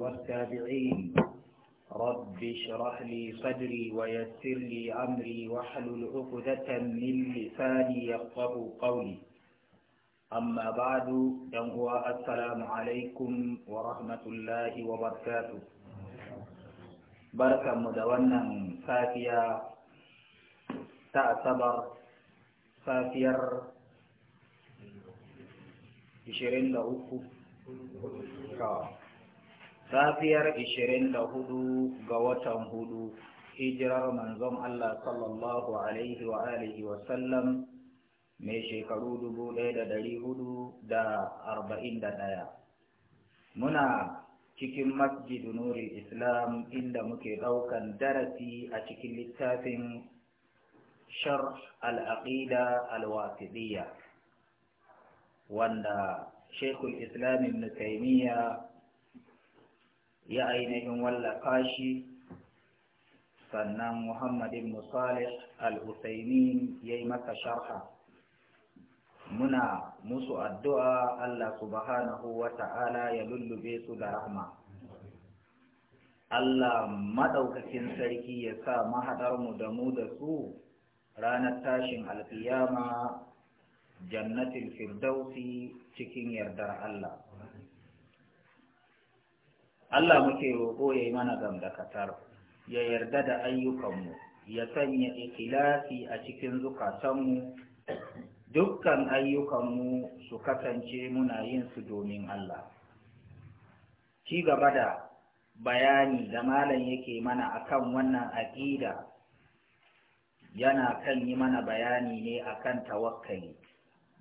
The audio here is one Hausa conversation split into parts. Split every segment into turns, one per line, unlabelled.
والتابعين رب اشرح لي صدري ويسر لي أمري واحلل عقدة من لساني يفقه قولي أما بعد فهو السلام عليكم ورحمة الله وبركاته بركة مدونة فاتية تعتبر فاتير 23 safiyar hudu ga watan hudu hijirar manzon Allah sallallahu alaihi wa alihi wa sallam mai shekaru ɗaya. muna cikin masjid nuri islam inda muke ɗaukan darasi a cikin littafin sharh al-aqida al-wasidiyya wanda shekul islam ibn taymiyyah ya ainihin wallafa shi sannan Muhammad ibn Salih al-Husaymin ya yi maka sharha muna musu addu'a Allah subhanahu wata'ala ya lullube su da rahma Allah madaukakin sarki ya sa mahaɗarmu da mu da su ranar tashin alfiyama jannatin firdausi cikin yardar Allah Allah muke roƙo ya yi mana gamdakatar ya yarda da ayyukanmu ya sanya ikilasi a cikin zukatanmu dukkan ayyukanmu su kasance muna yin su domin Allah ci gaba da bayani da malam yake mana akan wannan aƙida yana kan yi mana bayani ne akan tawakkali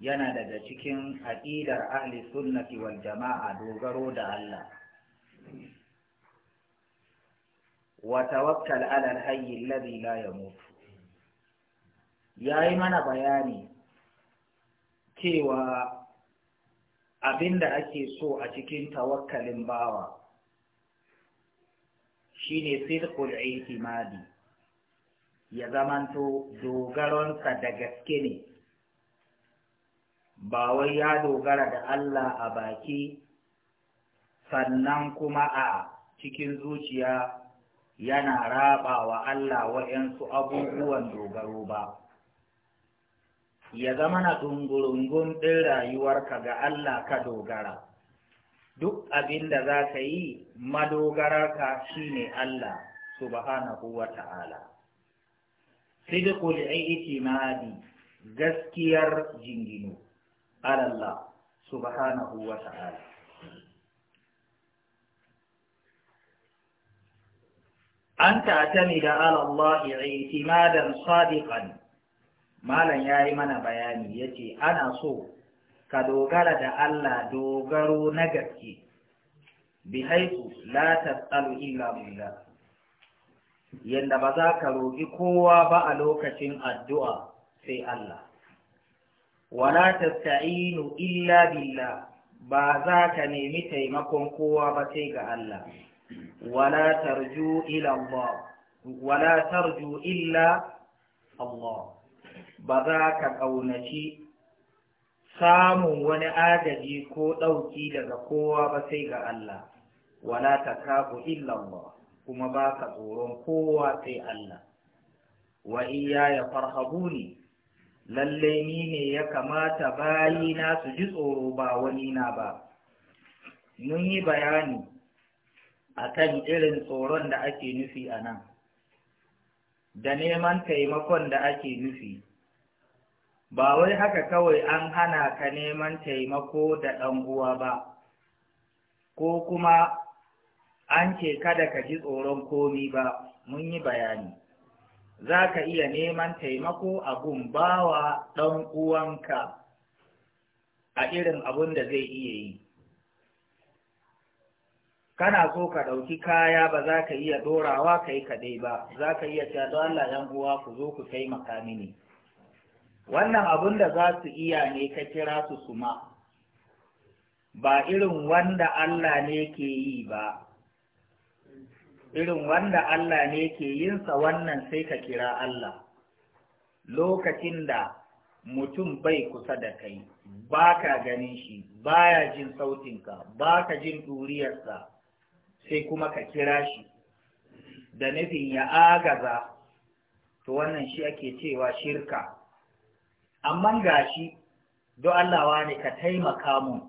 yana daga cikin aƙidar ahli sunnati wal jama'a dogaro da Allah wa tawakkal ala alhayy alladhi la yamut yayi mana bayani cewa abinda ake so a cikin tawakkalin bawa shine sidqul i'timadi ya zamanto dogaronsa da gaske ne ba wai ya dogara da Allah a baki sannan kuma a cikin zuciya yana raba wa Allah waɗansu abubuwan dogaro ba. Ya zama na ɗungurungun ɗin rayuwarka ga Allah ka dogara, duk abin da za ka yi madogararka shi ne Allah, subhanahu wa ta'ala. Sidikul itimadi gaskiyar jinginu, Allah, subhanahu wa ta'ala. an ta'tamida ala Allah i'timadan sadiqan malam yayi mana bayani yace ana so ka dogara da Allah dogaro na gaske bihaitu la tasalu illa billah yanda ba za ka roƙi kowa ba a lokacin addu'a sai Allah wala tasta'inu illa billah ba za ka nemi taimakon kowa ba sai ga Allah ولا ترجو إلى الله ولا ترجو إلا الله بذاك قونتي samun wani agaji ko ɗauki daga kowa ba sai ga Allah, wala ta kafu illallah kuma ba ka tsoron kowa sai Allah, wa iya ya farhabu ne, lalle ni ne ya kamata bayi na su ji tsoro ba wani na ba. Mun yi bayani akan irin tsoron da ake nufi a nan da neman taimakon da ake nufi ba wai haka kawai an hana ka neman taimako da ɗan uwa ba ko kuma an ce kada ka ji tsoron komi ba mun yi bayani za ka iya neman taimako a gun bawa ɗan uwanka a irin abun da zai iya yi kana so ka ɗauki kaya ba za ka iya ɗorawa yi kaɗai ba za ka iya cewa don Allah ‘yan uwa ku zo ku taimaka mini wannan abin da za su iya ne ka kira su suma ba irin wanda Allah ne ke yi ba irin wanda Allah ne ke yinsa wannan sai ka kira Allah lokacin da mutum bai kusa da kai ba ka ganin shi baya jin sautinka ba ka jin ɗuriyarsa sai kuma ka kira shi da nufin ya agaza to wannan shi ake cewa shirka amma gashi don Allah wani ka taimaka mun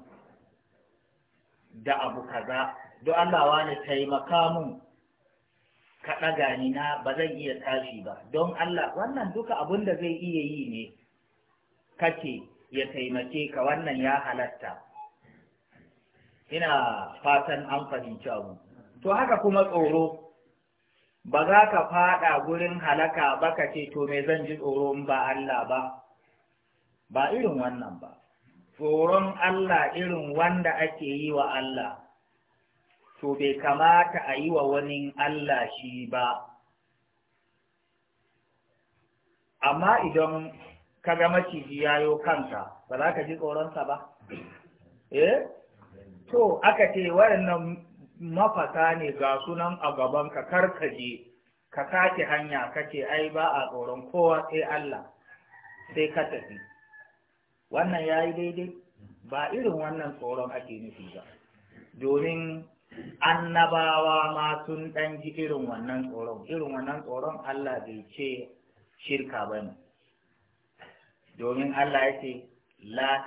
da abu kaza don Allah wani taimaka mun ka ɗaga ni na ba zan iya tashi ba don Allah wannan duka abun da zai iya yi ne kake ya taimake ka wannan ya halatta ina fatan an fahimci abu to haka kuma tsoro ba za ka faɗa gurin halaka ba ka ce to me zan ji tsoro in ba Allah ba ba irin wannan ba tsoron Allah irin wanda ake yi wa Allah to bai kamata a yi wa wani Allah shi ba amma idan ka ga maciji yayo kanka ba za ka ji tsoronsa ba eh to aka ce waɗannan mafata ne ga sunan a gaban ka kar ka je sake hanya kace ai ba a tsoron kowa sai Allah sai ka tafi wannan ya daidai ba irin wannan tsoron ake nufi ba domin annabawa ma sun ɗan ji irin wannan tsoron irin wannan tsoron Allah bai ce shirka ba ne domin Allah ya ce la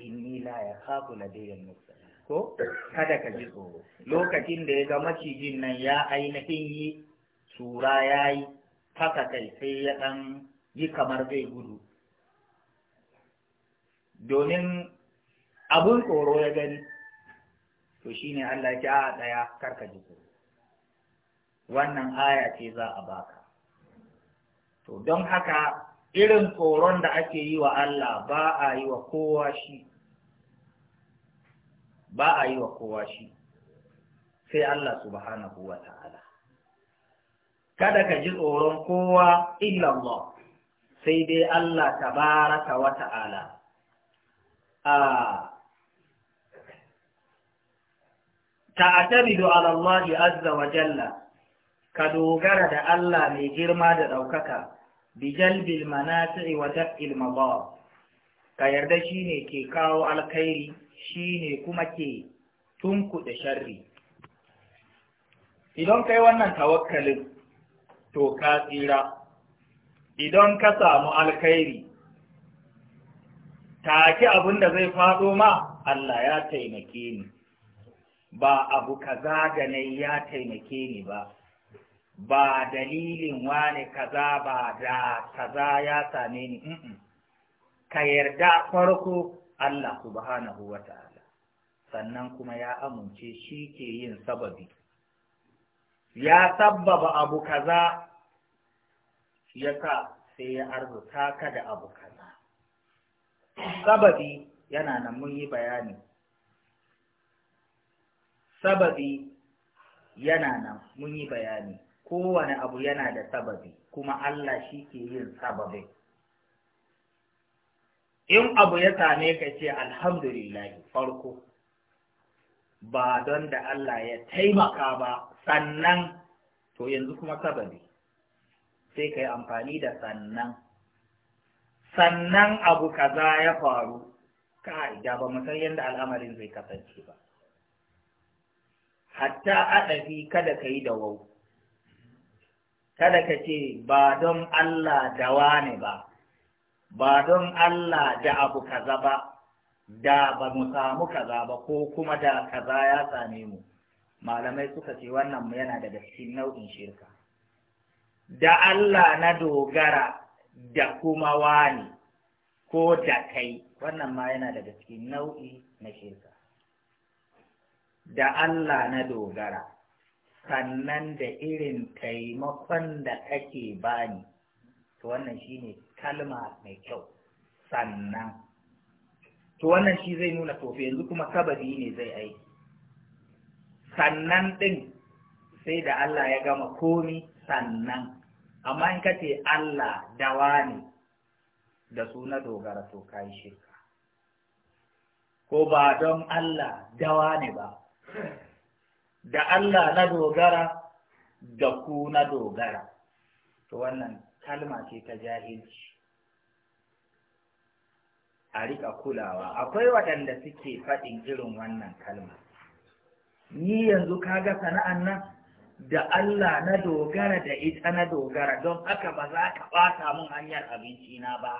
inni la ya khafu ladayyan musa ko kada ka ji tsoro lokacin da ya ga macijin nan ya ainihin yi sura ya yi haka kai sai ya ɗan yi kamar zai gudu domin abun tsoro ya gani to shine Allah ya a ɗaya karka ji tsoro wannan aya ce za a baka to don haka irin tsoron da ake yi wa Allah ba a yi wa kowa shi ba a yi wa kowa shi sai Allah subhanahu wa ta'ala kada ka ji tsoron kowa illallah sai dai Allah tabaraka wa ta'ala a ta'tamidu da Allah azza wa jalla ka dogara da Allah mai girma da ɗaukaka bijalbil manati wa daf'il madar ka yarda ne ke kawo alkhairi shine kuma ke da sharri idan kai wannan tawakkalin to ka tsira idan ka samu alkhairi take abin da zai faɗo ma Allah ya taimake ni ba abu kaza da ya taimake ni ba ba dalilin wane kaza ba da kaza ya same ni ka yarda farko Allah subhanahu wata'ala sannan kuma ya amince shi ke yin sababi ya sabbaba abu kaza ya sa sai ya arzuta ka da abu kaza sababi yana nan mun yi bayani sababi yana nan mun yi bayani kowane abu yana da sababi kuma Allah shi ke yin sababin in abu ya same ka ce alhamdulillah farko ba don da Allah ya taimaka ba sannan to yanzu kuma sababi sai ka yi amfani da sannan sannan abu kaza ya faru kai da ba san yadda al'amarin zai kasance ba hatta adafi kada ka yi da wau kada ka ce ba don Allah da wane ba ba don Allah da abu kaza ba da ba mu samu kaza ba ko kuma da kaza ya same mu malamai suka ce wannan yana daga cikin nau'in shirka da Allah na dogara da kuma wani ko da kai wannan ma yana daga cikin nau'i na shirka da Allah na dogara sannan da irin taimakon da kake bani to wannan shine kalma mai kyau sannan to wannan shi zai nuna tofe yanzu kuma kabari ne zai aiki sannan ɗin sai da Allah ya gama komi sannan amma in ka ce Allah dawa ne da suna dogara to yi shirka ko ba don Allah dawa ne ba da Allah na dogara da ku na dogara to wannan kalma ce ta jahilci a riƙa kulawa akwai waɗanda suke faɗin irin wannan kalma ni yanzu kaga sana'an nan da Allah na dogara da ita na dogara don aka ba za ka ɓata mun hanyar abinci na ba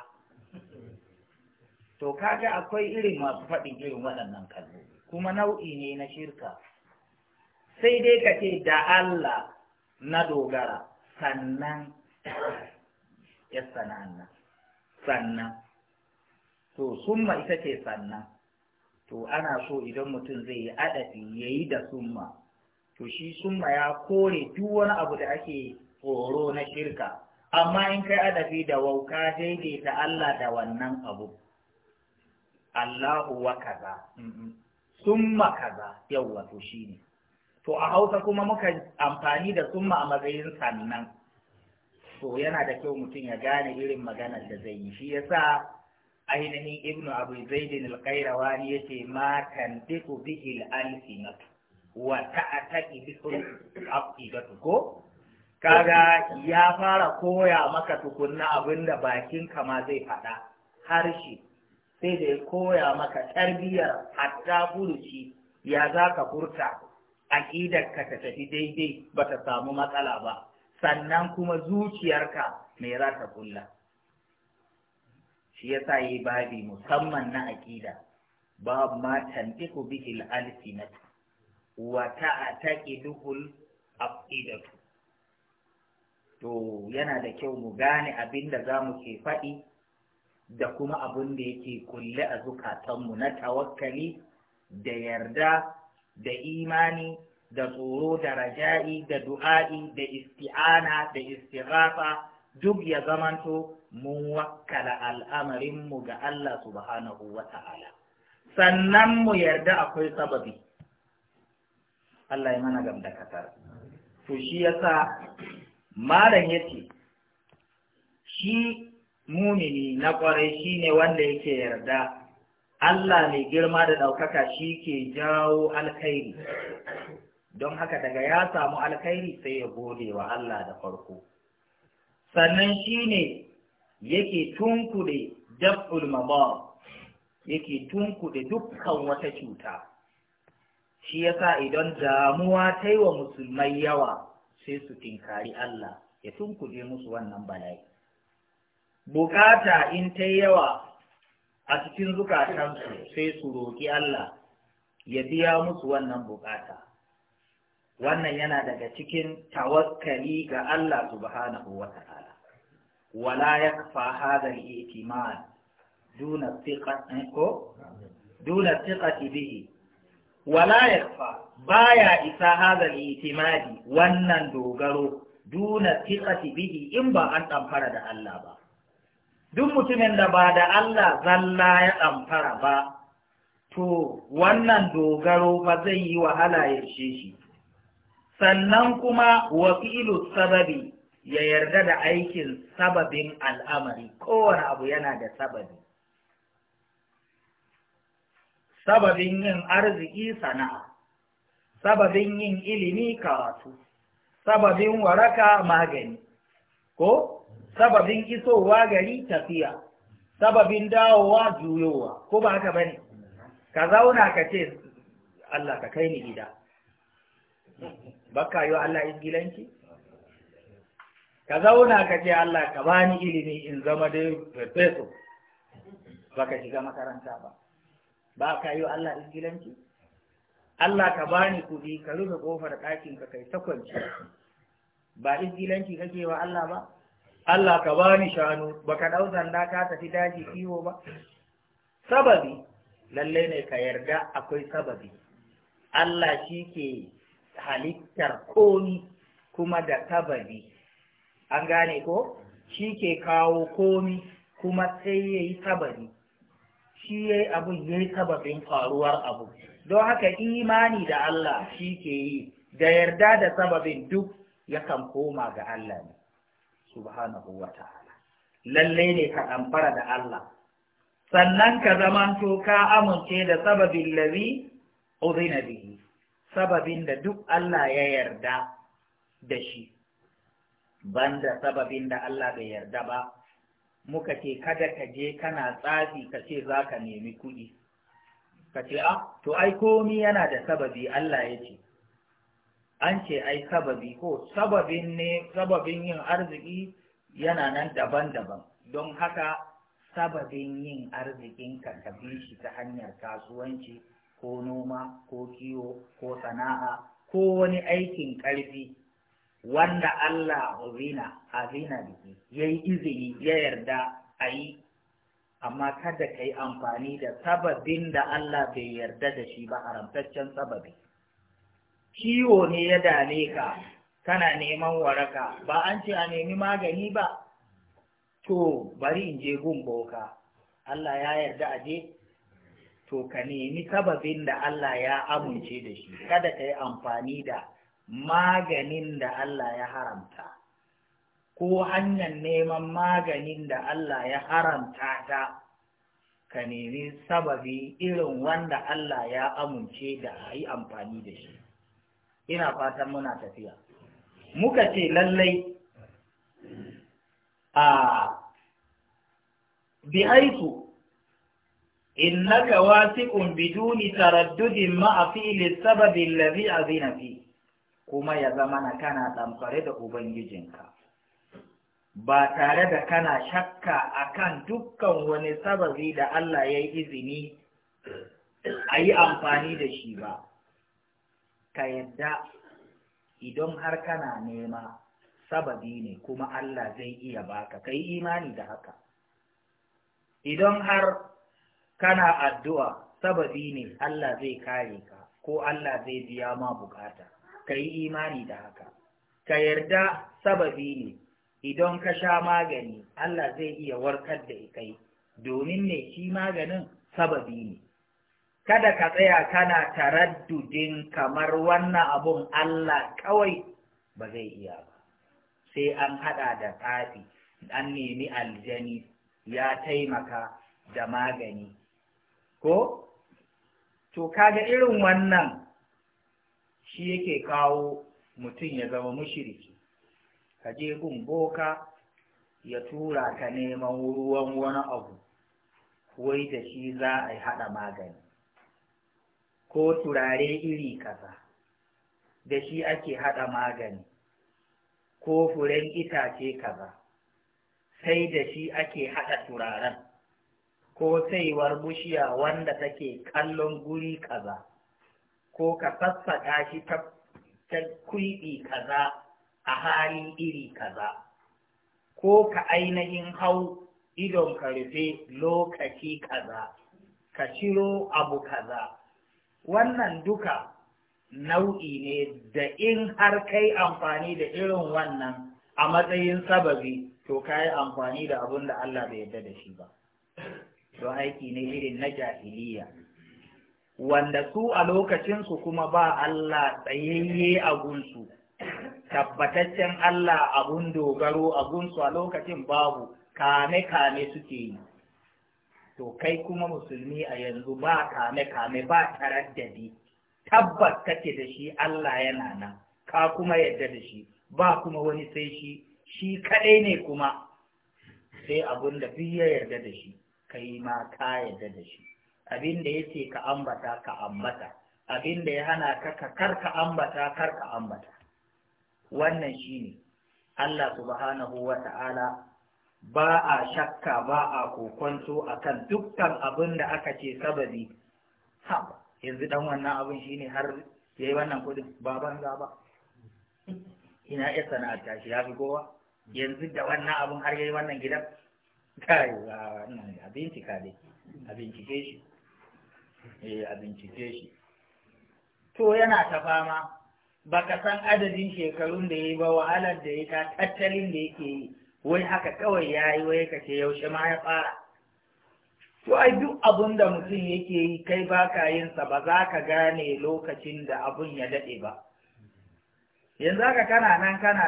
to kaga akwai irin masu faɗin irin waɗannan kalmomi kuma nau'i ne na shirka sai dai ka ce da Allah na dogara sannan ya sana'anna sannan to summa ita ce sannan to ana so idan mutum zai yi adadi ya yi da summa to shi summa ya kore duk wani abu da ake horo na shirka amma in kai adadi da wauka daidaita Allah da wannan abu Allahu wa kaza summa kaza yawwa to shine to a hausa kuma muka amfani da summa a matsayin sannan to yana da kyau mutum ya gane irin maganar da zai yi shi yasa ainihin ibnu abu zaidin ya ce, ma tantiqu bihi al-alsinat wa ta'taqi bihi al-afidatu ko
kaga
ya fara koya maka tukunna abinda bakin ma zai faɗa harshe sai da ya koya maka tarbiyyar hatta furuci ya za ka furta aƙidarka ka ta tafi daidai ba ta samu matsala ba sannan kuma zuciyarka me za ta kulla shi yasa yi babi musamman na aƙida babu ma tantiku bihil alsinatu wa ta'taqiduhul afidatu to yana da kyau mu gane abin da za mu ke faɗi da kuma abin da yake kulle a zukatanmu na tawakkali da yarda da imani da tsoro da raja'i da du'a'i da isti'ana da istighafa duk ya zamanto mun wakkala al'amarinmu ga Allah subhanahu wa ta'ala sannan mu yarda akwai sababi Allah ya mana gamda kasar to shi yasa malam yace shi mumini na shi shine wanda yake yarda Allah mai girma da ɗaukaka shi ke jawo alkhairi don haka daga ya samu alkhairi sai ya gode wa Allah da farko sannan shi ne yake tunkuɗe daf'ul mabar yake tunkuɗe dukkan wata cuta shi ya sa idan damuwa ta yi wa musulmai yawa sai su tinkari Allah ya tunkuɗe musu wannan bala'i bukata in ta yawa a cikin zukatansu sai su roƙi Allah ya biya musu wannan bukata wannan yana daga cikin tawakkali ga Allah subhanahu wa ta'ala wala yakfa hadha al-i'timad duna thiqati eh, ko duna thiqati bihi wala yakfa baya isa hadha al-i'timadi wannan dogaro duna thiqati bihi in ba an ɗamfara da Allah ba duk mutumin da ba da Allah zalla ya ɗamfara ba, to wannan dogaro ba zai yi wahala ya shi. Sannan kuma wakilu sababi ya yarda da aikin sababin al'amari, kowane abu yana da sababi. Sababin yin arziki sana'a, sababin yin ilimi karatu, sababin waraka magani, ko? sababin isowa gari tafiya sababin dawowa juyowa ko ba haka bane ka zauna ka ce Allah ka kai ni gida baka yi wa Allah isgilanci ka zauna ka ce Allah ka bani ilimi in zama da professor baka shiga makaranta ba ba ka yi Allah isgilanci Allah ka bani kuɗi ka rufe ƙofar ɗakin ka kai takwanci kwanci ba isgilanci kake wa Allah ba Allah ka bani shanu ba ka ɗau zanda ka tafi daji kiwo ba sababi lallai ne ka yarda akwai sababi Allah shi ke halittar komi kuma da sababi an gane ko shi ke kawo komi kuma sai ya yi sababi shi ya yi abu ya yi sababin faruwar abu don haka imani da Allah shi ke yi da yarda da sababin duk yakan koma ga Allah ne subhanahu wa ta'ala lalle ne ka ɗamfara da Allah sannan ka zamanto ka amince da sababin lazi sababin da duk Allah ya yarda da shi banda sababin da Allah bai yarda ba muka ce kada ka je kana tsafi ka ce za ka nemi kuɗi ka ce a ah, to ai komi yana da sababi Allah ya ce an ce ai sababi ko sababin ne sababin yin arziki yana nan daban-daban don haka sababin yin arzikin ka bi shi ta hanyar kasuwanci ko noma ko kiwo ko sana'a ko wani aikin ƙarfi wanda Allah azina azina biki ya yi izini ya yarda a yi amma kada ka yi amfani da sababin da Allah bai yarda da shi ba haramtaccen sababi ciwo ne ya dame ka kana neman waraka ba an ce a nemi magani ba to bari in je gun boka Allah ya yarda a je to ka nemi sababin da Allah ya amince da shi kada ka yi amfani da maganin da Allah ya haramta ko hanyar neman maganin da Allah ya haramta ta ka nemi sababi irin wanda Allah ya amince da a yi amfani da shi ina fatan muna tafiya muka ce lallai a bihaitu innaka wasiqun biduni taraddudin ma'a fi'li sababi alladhi azina fi kuma ya zama na kana damfare da ubangijinka ba tare da kana shakka akan dukkan wani sababi da Allah ya yi izini a yi amfani da shi ba ka yadda idan har kana nema sababi ne kuma Allah zai iya baka kai imani da haka idan har kana addu'a sababi ne Allah zai kare ka ko Allah zai biya ma bukata kai imani da haka ka yarda sababi ne idan ka sha magani Allah zai iya warkar da kai domin ne shi maganin sababi ne kada ka tsaya kana taraddudin kamar wannan abun Allah kawai ba zai iya ba sai an haɗa da tsafi an nemi aljani ya taimaka da magani ko to kaga irin wannan shi yake kawo mutum ya zama mushiriki ka je gun boka ya tura ka neman ruwan wani abu wai da shi za a yi haɗa magani ko turare iri kaza da shi ake haɗa magani ko furen itace kaza sai da shi ake haɗa turaren ko saiwar bushiya wanda take kallon guri kaza ko ka sassaka shi ta kulɓi kaza a hali iri kaza ko ka ainihin hau idon ka rufe lokaci kaza ka ciro abu kaza wannan duka nau'i ne da in har kai amfani da irin wannan a matsayin sababi to ka yi amfani da abin da Allah bai yarda da shi ba don aiki ne irin na jahiliya wanda su a lokacinsu kuma ba Allah tsayayye a gunsu tabbataccen Allah abun dogaro a gunsu a lokacin babu kame-kame suke yi to kai kuma musulmi a yanzu ba kame kame ba taraddadi tabbas kake da shi Allah yana nan ka kuma yadda da shi ba kuma wani sai shi shi kadai ne kuma sai abun da ya yarda da shi kai ma ka yarda da shi abin da yake ka ambata ka ambata abin da ya hana ka ka kar ka ambata kar ka ambata wannan shine Allah subhanahu wa ta'ala ba a shakka ba a kokonto akan dukkan abin da aka ce sabari ha yanzu dan wannan abin shine har yayi wannan kudin ba banza ba ina ya sana'ar tashi ya fi kowa yanzu da wannan abin har yayi wannan gidan kai ba wannan abinci ka dai abinci ke shi eh abinci shi to yana ta fama baka san adadin shekarun da yayi ba wahalar da ya ta tattalin da yake yi wai haka kawai ya yi wai ka ce yaushe ma ya fara to ai duk abin da mutum yake yi kai ba ka yin sa ba za ka gane lokacin da abun ya daɗe ba yanzu haka kana nan kana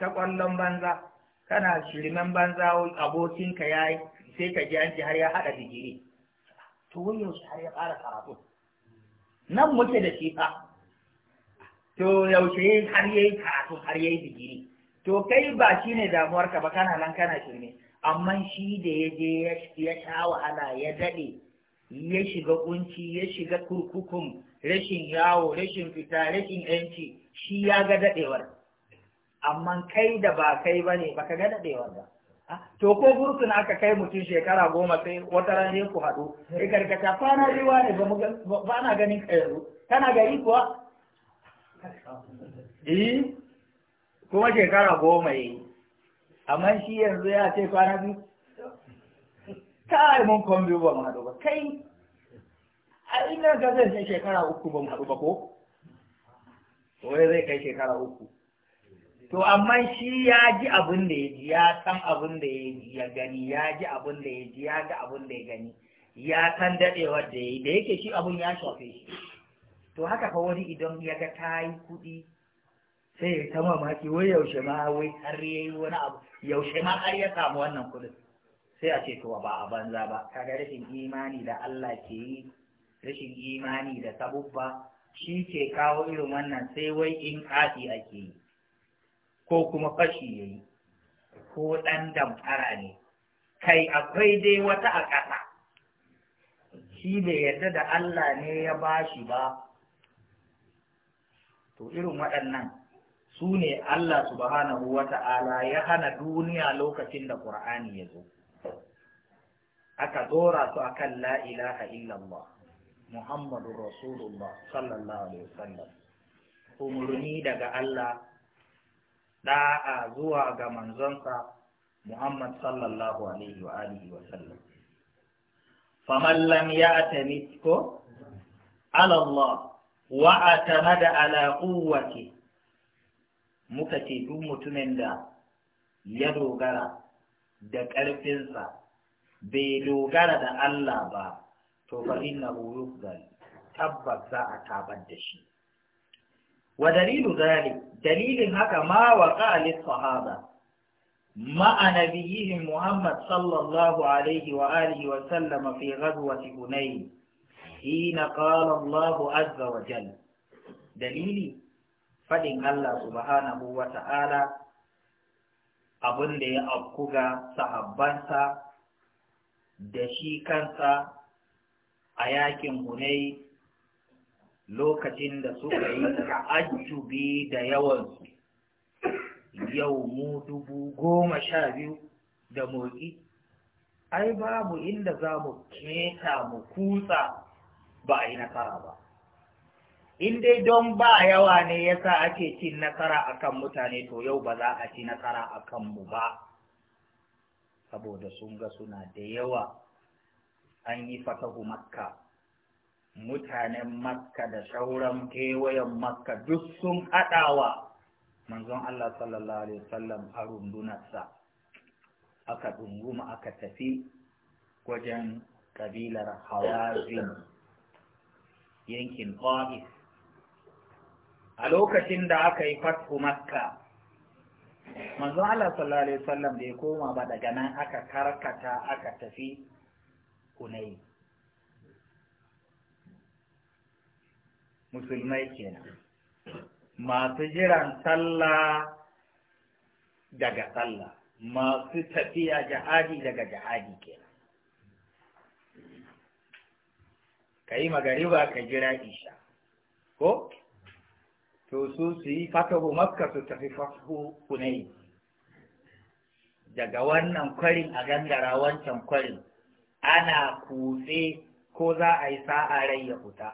ta ƙwallon banza kana shirmen banza abokinka ya yi sai ka ji an ji har ya haɗa digiri to wai yaushe har ya fara karatu nan muke da shi ba. to yaushe har ya yi karatu har ya yi digiri to kai ba shi ne damuwarka ba kana nan kana shirme amma shi da ya je ya sha wahala ya daɗe ya shiga kunci ya shiga kurkukun rashin yawo rashin fita rashin yanci shi ya ga daɗewar amma kai da ba kai ba ne ba ka ga daɗewar ba ah, to ko gurkun aka kai mutum shekara goma sai wata ran ku haɗu sai karkata kwana riwa ne ba na ganin ka yanzu kana gari kuwa eh kuma shekara goma yi amma shi yanzu ya ce kwana biyu kai mun kwan ba mu haɗu ba kai a ina ga zai kai shekara uku ba mu haɗu ba ko wai zai kai shekara uku to amma shi ya ji abin da ya ji ya san abin da ya gani ya ji abin da ya ji ya ga abin da ya gani ya san daɗewar da ya yi da yake shi abin ya shafe shi to haka fa wani idan ya ga ta yi kuɗi sai ta mamaki wai yaushe ma wai har yayi wani abu yaushe ma har ya samu wannan kuɗin sai a ce to ba a banza ba kaga rashin imani da Allah ke yi rashin imani da sabubba shi ke kawo irin wannan sai wai in ƙafi ake yi ko kuma fashi ya yi ko ɗan damfara ne kai akwai dai wata a ƙasa shi bai yarda da Allah ne ya bashi ba to irin waɗannan su ne Allah subhanahu wa ta'ala ya hana duniya lokacin da Qur'ani ya zo aka dora su akan la ilaha illallah Muhammadu Rasulullah sallallahu alaihi wasallam Umarni daga Allah ɗa'a zuwa ga manzonsa Muhammad sallallahu alaihi wa alihi wa sallam faman lam ya'tami ko ala Allah wa atamada ala quwwati muka ce duk mutumin da ya dogara da ƙarfinsa bai dogara da Allah ba to bari na yufdal tabbas za a tabar da shi wa dalilu dalilin haka ma wa qalis sahaba muhammad نبيهم محمد صلى الله عليه وآله وسلم في غزوة هنين حين قال azza wa jal, dalili. faɗin Allah subhanahu wa ta'ala abin da ya ga sahabbansa da shi kansa a yakin hunai lokacin da suka yi ta'ajjubi da yawansu yau mu dubu goma sha biyu da motsi ai babu inda za mu keta mu kutsa ba a yi nasara ba in dai don ba yawa ne yasa ake cin nasara akan mutane to yau ba za a ci nasara akan mu ba saboda sun ga suna da yawa an yi fatahu makka mutanen makka da sauran kewayen makka duk sun haɗawa manzon Allah sallallahu alaihi wasallam a rundunarsa aka dunguma aka tafi wajen kabilar hawazin yankin Qa'is a lokacin da aka yi fatku makka manzo Allah sallallahu alaihi wasallam bai koma ba daga nan aka karkata aka tafi kunai. musulmai kenan masu jiran sallah daga sallah masu tafiya jahadi daga jihadi kenan ka yi magariba ka jira isha ko to su yi fatahu makka su tafi fatahu daga wannan kwarin a gangara wancan kwarin ana kutse ko za a yi sa'a rai ya fita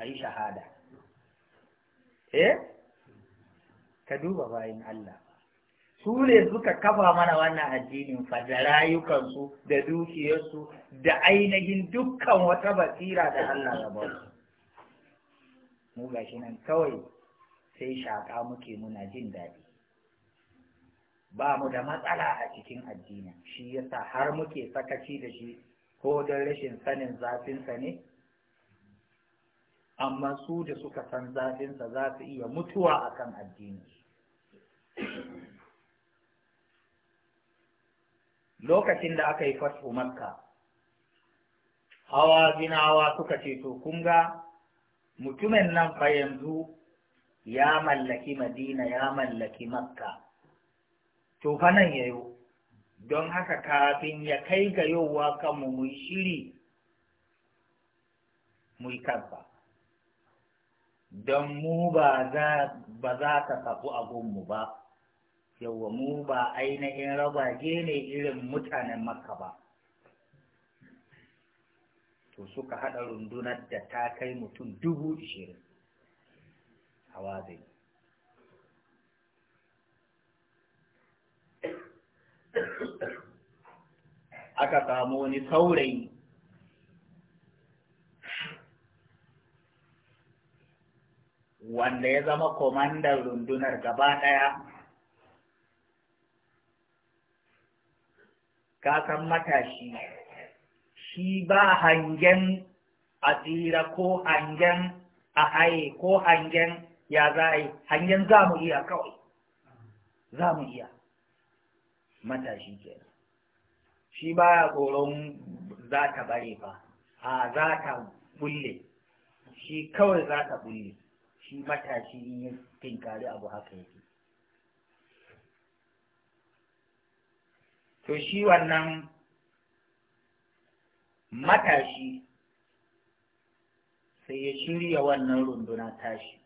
a yi shahada eh ka duba bayan Allah su ne suka kafa mana wannan addinin fa da rayukansu da dukiyarsu da ainihin dukkan wata basira da Allah ya ba mu gashi nan kawai sai shaƙa muke muna jin daɗi ba mu da matsala a cikin addini shi yasa har muke sakaci da shi ko don rashin sanin zafinsa ne amma su da suka san zafinsa za su iya mutuwa a kan addini lokacin da aka yi fashu makka hawa ginawa suka ce to kun ga mutumin nan fa yanzu ya mallaki madina ya mallaki makka to fa nan yayo don haka kafin ya kai ga yowa kanmu mu shiri mu yi kabba don mu ba za ka kafu abunmu ba yawwa mu ba ainihin ragwage ne irin mutanen makka ba to suka haɗa rundunar da ta kai mutum dubu ishirin a wazai aka samu wani saurayi wanda ya zama komandan rundunar gaba ɗaya ka san matashi shi ba hangen a tsira ko hangen a haye ko hangen ya za a yi hangen za mu iya kawai za mu iya matashi ke shi ba ya tsoron za ta bare ba a za ta bulle shi kawai za ta bulle shi matashi in yi tinkari abu haka yake to shi wannan matashi sai ya shirya wannan runduna tashi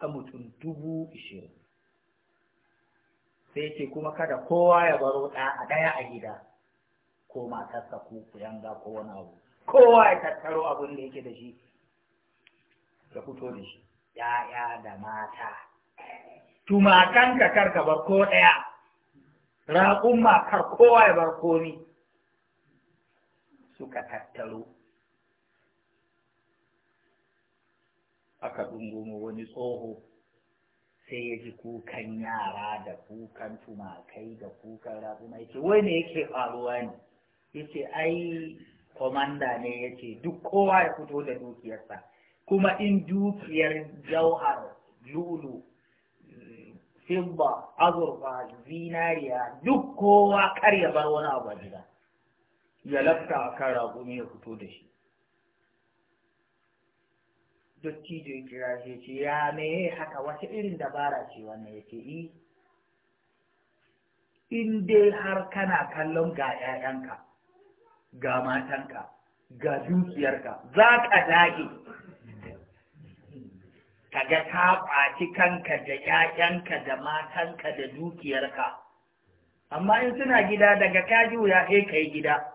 ta mutum dubu ishirin sai ce kuma kada kowa ya baro ɗa a ɗaya a gida ko matarsa ko yanga ko wani abu kowa ya tattaro abin da yake da shi ya fito da shi ya'ya da mata tumakan ka karka bar ko ɗaya raƙun makar kowa ya bar komi suka tattaro aka dungumo wani tsoho sai ya ji kukan yara da kukan tumakai da kukan rabu ya ce wai ne yake faruwa ne ya ce ai komanda ne ya ce duk kowa ya fito da dukiyarsa kuma in dukiyar jauhar lulu Simba, azurfa zinariya duk kowa kar ya bar wani abu a gida ya lafta a kan raƙumi ya fito da shi dattijo ya kira shi ce ya me haka wata irin dabara ce wannan ya ce i in dai har kana kallon ga 'ya'yanka ga matanka ga dukiyarka za ka dage ga ta ɓaci kanka da 'ya'yanka da matanka da dukiyarka amma in suna gida daga kaji wuya ka yi gida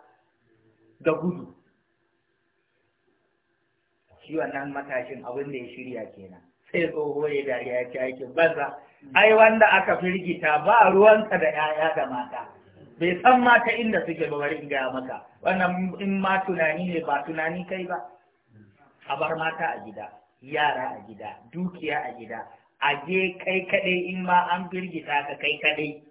da gudu shi wannan matashin abin da ya shirya kenan sai tsoho ya dariya ya ci aikin banza ai wanda aka firgita ba ruwansa da 'ya'ya da mata bai san mata inda suke ba bari in gaya maka wannan in ma tunani ne ba tunani kai ba a bar mata a gida yara a gida dukiya a gida a je kai kaɗai in ma an firgita ka kai kaɗai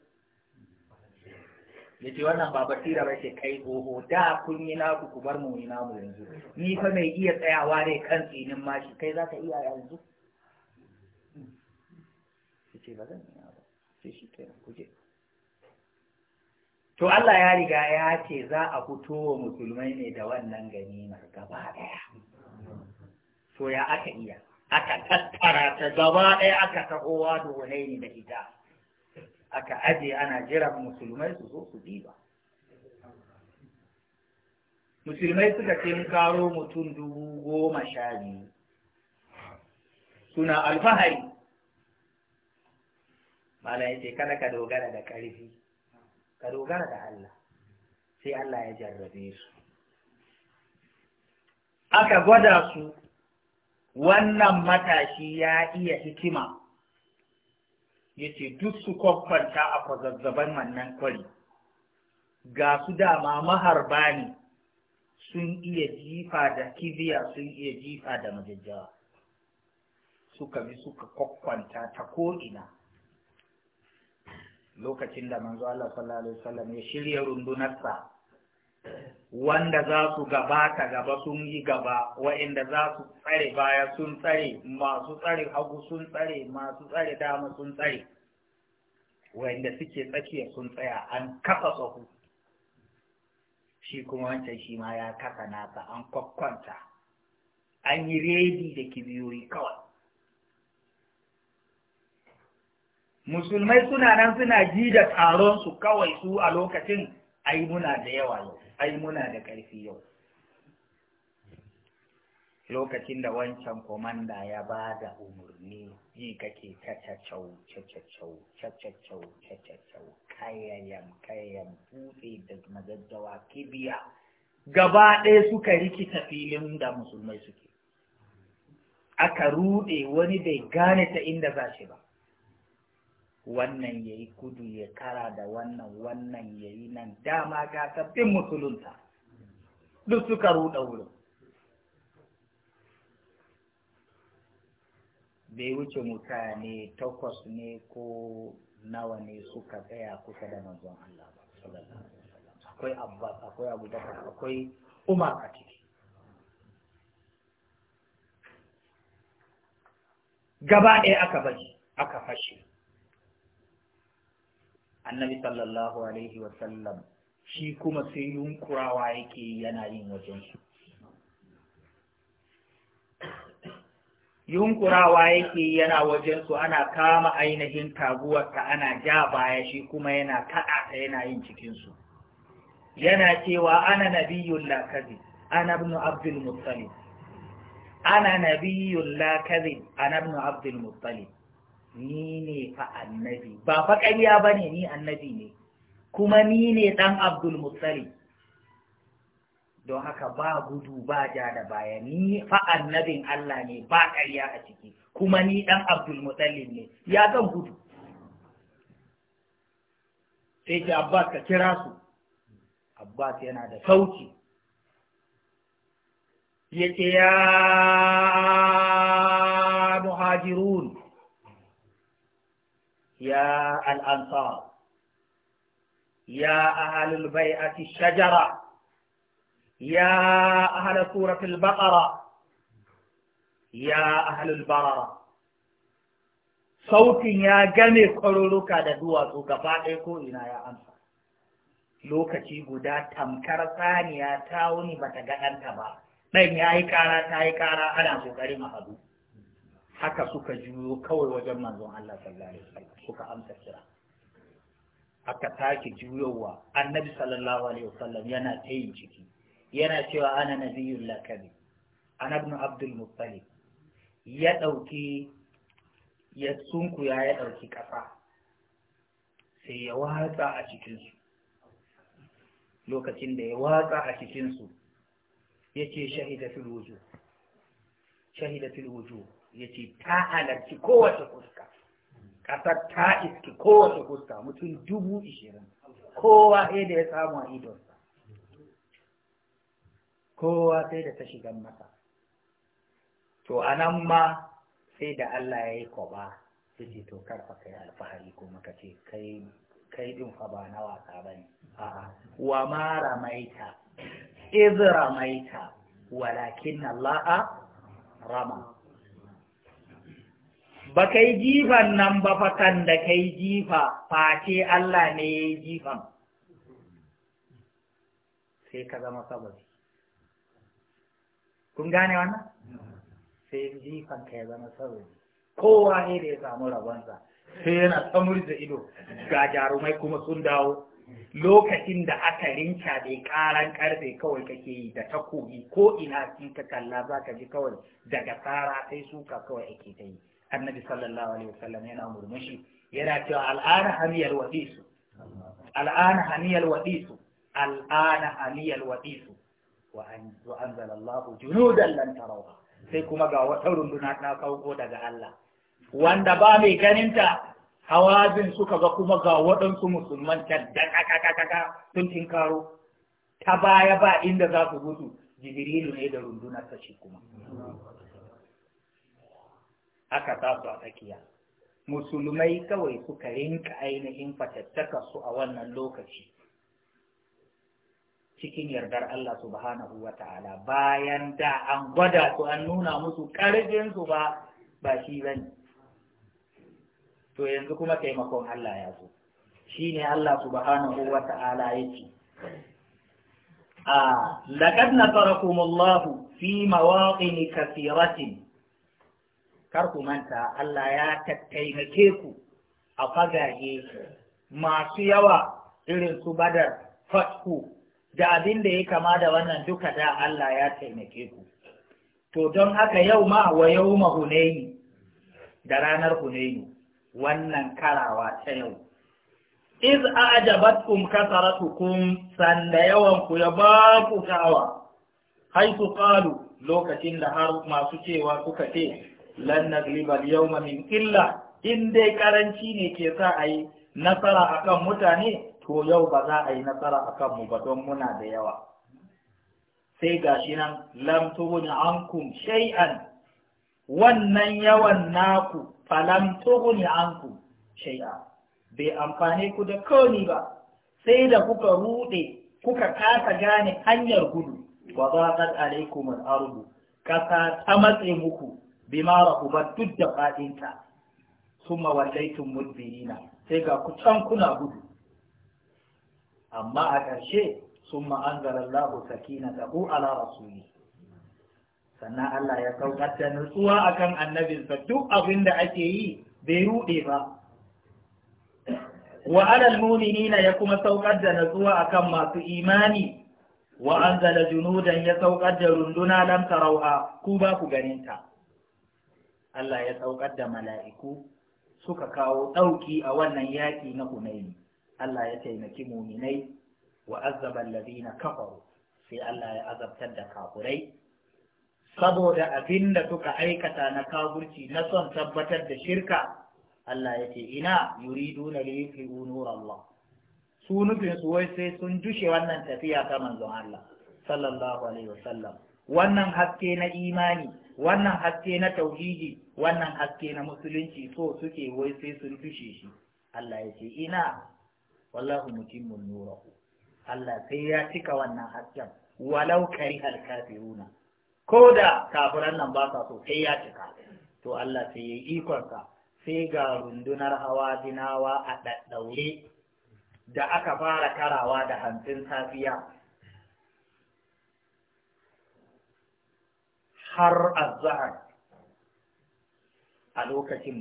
ya wannan ba basira ba ce kai goho da kun yi naku ku bar mu yi namu yanzu ni fa mai iya tsayawa ne kan tsinin mashi kai za ka iya yanzu ya ba zan yi ba sai shi kuje to Allah ya riga ya ce za a fito wa musulmai ne da wannan ganimar gaba daya to ya aka iya aka tattara ta gaba daya aka taho wa da ita aka aje ana jiran musulmai su zo su diba musulmai suka ce mun karo mutum dubu goma sha biyu suna alfahari malam ya ce kada ka dogara da ƙarfi ka dogara da Allah sai Allah ya jarrabe su aka gwada su wannan matashi ya iya hikima ya ce duk su kwakwanta a kwazazzaban wannan kwari ga su dama maharba ne sun iya jifa da kibiya sun iya jifa da majajjawa suka bi suka kwakwanta ta ko'ina lokacin da manzo Allah sallallahu alaihi wasallam ya shirya rundunarsa wanda za su gabata gaba sun yi gaba wa'inda za su tsare baya sun tsare masu tsare hagu sun tsare masu tsare dama sun tsare wa'inda suke tsakiya sun tsaya an kafa tsohu. shi kuma wancan shi ma ya kafa nasa an kwakwanta an yi redi da kibiyoyi kawai musulmai suna nan suna ji da taron su kawai su a lokacin ai muna da yawa yau ai muna da ƙarfi yau lokacin da wancan komanda ya ba da umarni ji kake cacacau cacacau cacacau cacacau kayayyam kayayyam tutse da magaggawa kibiya gaba ɗaya suka rikita filin da musulmai suke aka ruɗe wani bai gane ta inda za shi ba wannan ya yi kudu ya kara da wannan wannan ya yi nan dama ga sabbin musulunta duk suka ruɗa wurin bai wuce mutane takwas ne ko nawa ne suka tsaya kusa da manzon Allah ba akwai abbas akwai abubakar akwai umar a ciki gaba ɗaya aka bari aka fashe annabi sallallahu alaihi wasallam shi kuma sai yunkurawa yake yana yin wajen su yunkurawa yake yana wajen su ana kama ainihin taguwarta ana ja baya shi kuma yana kaɗa ta yana yin cikinsu yana cewa ana nabiyun lakazi ana ibn abdul ana nabiyun lakazi ana ibn abdul muttalib ni ne fa annabi ba fa ƙarya ba ne ni annabi ne kuma ni ne ɗan abdul don haka ba gudu ba ja da baya ni fa annabin Allah ne ba ƙarya a ciki kuma ni ɗan abdul mutsali ne ya zan gudu sai ce abbas ka kira su abbas yana da sauki ya ce ya muhajirun ya al'ansar ya ahalul bai'ati shajara ya ahal suratul baqara ya ahalul barara sautin ya game kwaruruka da duwatsu gaba ɗaya ko ina ya amsa lokaci guda tamkar tsaniya ta wuni ta ga ɗanta ba ɗan ya yi ƙara ta yi ƙara ana ƙoƙarin a hadu haka suka juyo kawai wajen manzon Allah sallallahu alaihi wasallam suka amsa kira aka take juyowa annabi sallallahu alaihi wasallam yana tayin ciki yana cewa ana nabiyyul lakabi ana ibn abdul muttalib ya dauki ya sunkuya ya dauki kasa sai ya watsa a cikin su lokacin da ya watsa a cikin su yace shahida fil wujuh shahida fil wujuh ya ce ta halarci kowace fuska ƙasar ta iski kowace fuska mutum dubu ishirin kowa sai da ya samu a idonsa kowa sai da ta shiga masa to a nan ma sai da Allah ya yi kwaba su ce to karfa kai alfahari kuma ka ce kai kai din fa ba na wasa ba ne wa ma ramaita iz ramaita walakin Allah rama ba kai jifan nan ba fakan da kai jifa face Allah ne ya yi jifan sai ka zama sabari kun gane wannan sai jifan ka ya zama sabari kowa ne da ya samu rabonsa sai yana samur da ido ga jarumai kuma sun dawo lokacin da aka rinka bai karan karfe kawai kake yi da takobi ko ina sun ka kalla za ka ji kawai daga tsara sai suka kawai ake ta yi annabi sallallahu alaihi wasallam yana murmushi yana cewa al'ana hamiyal wadisu al'ana hamiyal wadisu al'ana hamiyal wadisu wa anzala Allahu junudan lan tarawha sai kuma ga wata runduna ta sauko daga Allah wanda ba mai ganinta hawazin suka ga kuma ga waɗansu musulman can da kakakaka sun tinkaro ta baya ba inda za su gudu jibrilu ne da rundunar ta shi kuma aka sa su a tsakiya musulmai kawai suka rinka ainihin fatattaka su a wannan lokaci cikin yardar Allah subhanahu wa ta'ala bayan da an gwada su an nuna musu ƙarfin su ba ba shi bane to yanzu kuma taimakon Allah ya zo Shi ne Allah subhanahu wa ta'ala yake a ah, laqad nasarakum Allah fi mawaqin kafiratin kar ku manta Allah ya tattaimake ku a fagage masu yawa irin su badar fatku da abin da ya kama da wannan duka da Allah ya taimake ku to don haka yau ma wa yau ma hunayi da ranar hunayi wannan karawa ta yau iz a'jabatkum kasaratukum sanda yawan ku ya ba ku kawa haitu qalu lokacin da har masu cewa kuka ce lan nagliba yawma min illa in dai karanci ne ke sa ayi yi nasara akan mutane to yau ba za a yi nasara akan mu ba don muna da yawa sai gashi nan lam tughni ankum shay'an wannan yawan naku falam tughni ankum shay'a bai amfane ku da koni ba sai da kuka rude kuka kasa gane hanyar gudu wa zaqat alaikum al-ardu kasa ta matse muku bima rahubat duk da fadinta summa wallaitun mudbirina sai ga ku can kuna gudu amma a ƙarshe sakina da ku ala rasuli sannan Allah ya saukar da nutsuwa akan annabinsa duk abin da ake yi bai ruɗe ba wa alal mu'minina ya kuma saukar da nutsuwa akan masu imani wa anzala junudan ya saukar da runduna lam tarauha ku ba ku ganinta Allah ya saukar da mala'iku suka kawo ɗauki a wannan yaƙi na Hunaini. Allah ya taimaki muminai wa azaban ladina kafaru sai Allah ya azabtar da kafurai. Saboda abin da suka aikata na kafurci na son tabbatar da shirka, Allah ya ce, Ina yuriduna liyufi unur Allah. Su nufin su wai sai sun dushe wannan tafiya ta manzon Allah, sallallahu alaihi wasallam. Wannan haske na imani wannan haske na tauhidi wannan haske na musulunci so suke wai sai sun tushe shi Allah ya ce ina wallahu mutimmun nurahu Allah sai ya cika wannan hasken walau karihal kafiruna ko da kafiran nan ba sa so sai ya cika to Allah sai ya yi ikonsa sai ga rundunar hawa dinawa a daddaure da aka fara karawa da hantsin safiya har azhar a lokacin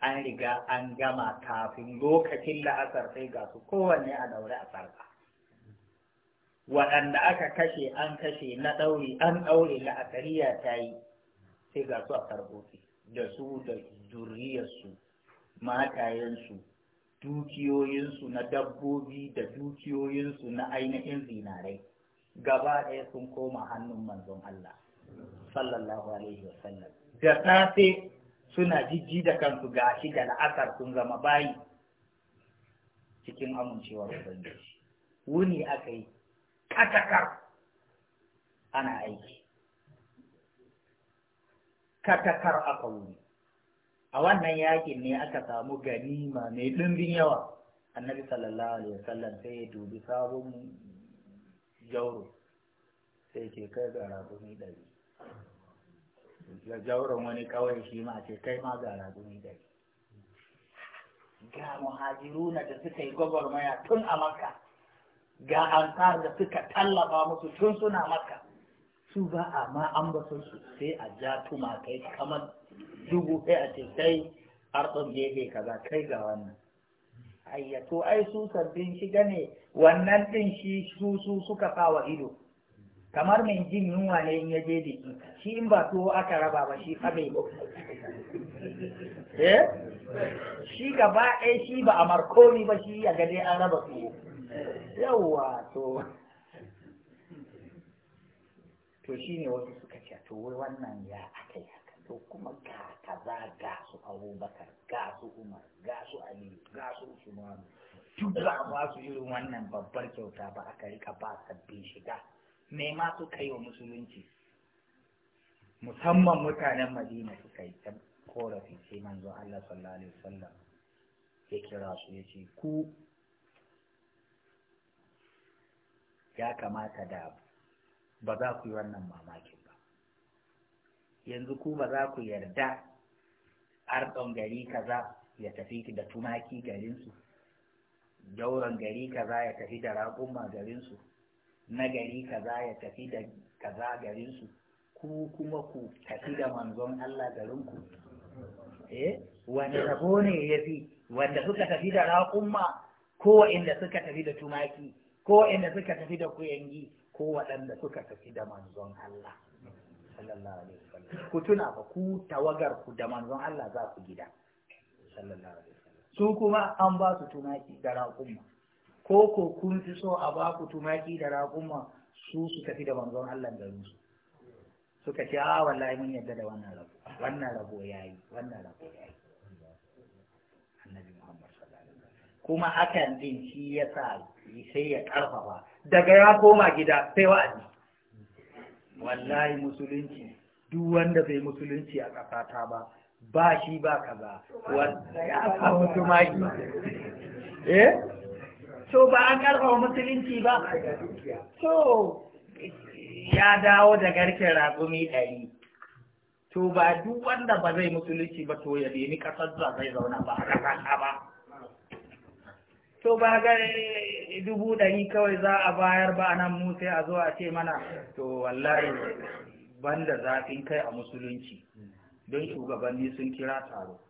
an riga an gama kafin lokacin la'asar sai ga su kowanne a daure a sarka waɗanda aka kashe an kashe na ɗauri an ɗaure la'asariya ta yi sai ga su a sarƙoƙi da su da zuriyarsu matayensu dukiyoyinsu na dabbobi da dukiyoyinsu na ainihin zinarai gaba ɗaya sun koma hannun manzon Allah sallallahu alaihi wasallam da safe suna jijji da kansu ga shi da la'asar sun zama bayi cikin amincewa amincewar ubangiji wuni aka yi katakar ana aiki katakar aka wuni a wannan yakin ne aka samu ganima mai ɗumbin yawa annabi sallallahu alaihi wasallam sai ya dubi sabon jauro sai ke kai ga rabumi ɗari da jauron wani kawai shi ma ce kai ma ga ragun da ga muhajiruna da suka yi gwagwarmaya tun a makka ga ansar da suka tallafa musu tun suna makka su ba a ma an ba su sai a ja tumakai kamar dubu sai a ce sai arɗon gefe kaza kai ga wannan ayyato ai su sabbin shiga ne wannan ɗin shi su suka sa wa ido kamar mai jin yunwa ne in ya je da shi in ba tuwo aka raba ba shi fa bai eh shi gaba ɗaya shi ba a markomi ba shi a gade an raba tuwo yawwa to to shi ne wasu suka ce to wai wannan ya aka yi haka to kuma ga kaza ga su abubakar ga su umar ga su ali ga su usman duk za a ba su irin wannan babbar kyauta ba aka rika ba sabbin shiga me ma suka yi wa musulunci musamman mutanen madina suka yi ta korafi sai manzo Allah sallallahu alaihi wasallam ya kira su ya ce ku ya kamata da ba za ku yi wannan mamakin ba yanzu ku ba za ku yarda arɗon gari kaza ya tafi da tumaki garinsu jauron gari kaza ya tafi da raƙuma garinsu na gari kaza ya tafi da kaza garinsu ku kuma ku tafi da manzon Allah garinku eh wanda rabo ne ya fi wanda suka tafi da raƙumma ko waɗanda suka tafi da tumaki ko waɗanda suka tafi da kuyangi ko waɗanda suka tafi da manzon Allah sallallahu alaihi wasallam ku tuna fa ku tawagar ku da manzon Allah za ku gida sallallahu alaihi wasallam su kuma an ba su tumaki da raƙumma ko ko kun fi so a ba ku tumaki da raƙuma su su tafi da manzon Allah garin su suka ce a ah, wallahi mun yadda da wannan rabo wannan rabo yayi wannan rabo yayi annabi Muhammad sallallahu alaihi wasallam kuma hakan din shi ya sa sai ya karfafa daga ya koma gida sai wa'azi wallahi musulunci duk wanda bai musulunci a ƙasata ba ba shi ba kaza wanda ya samu tumaki eh to ba an karfafa musulunci ba to ya dawo da garken ragumi ɗari to ba duk wanda ba zai musulunci ba to ya nemi ƙasar da zai zauna ba a ƙasa ba to ba ga eh, dubu ɗari kawai za a bayar ba nan mu sai a zo a ce mana to wallahi banda zafin kai a musulunci don shugabanni sun kira taro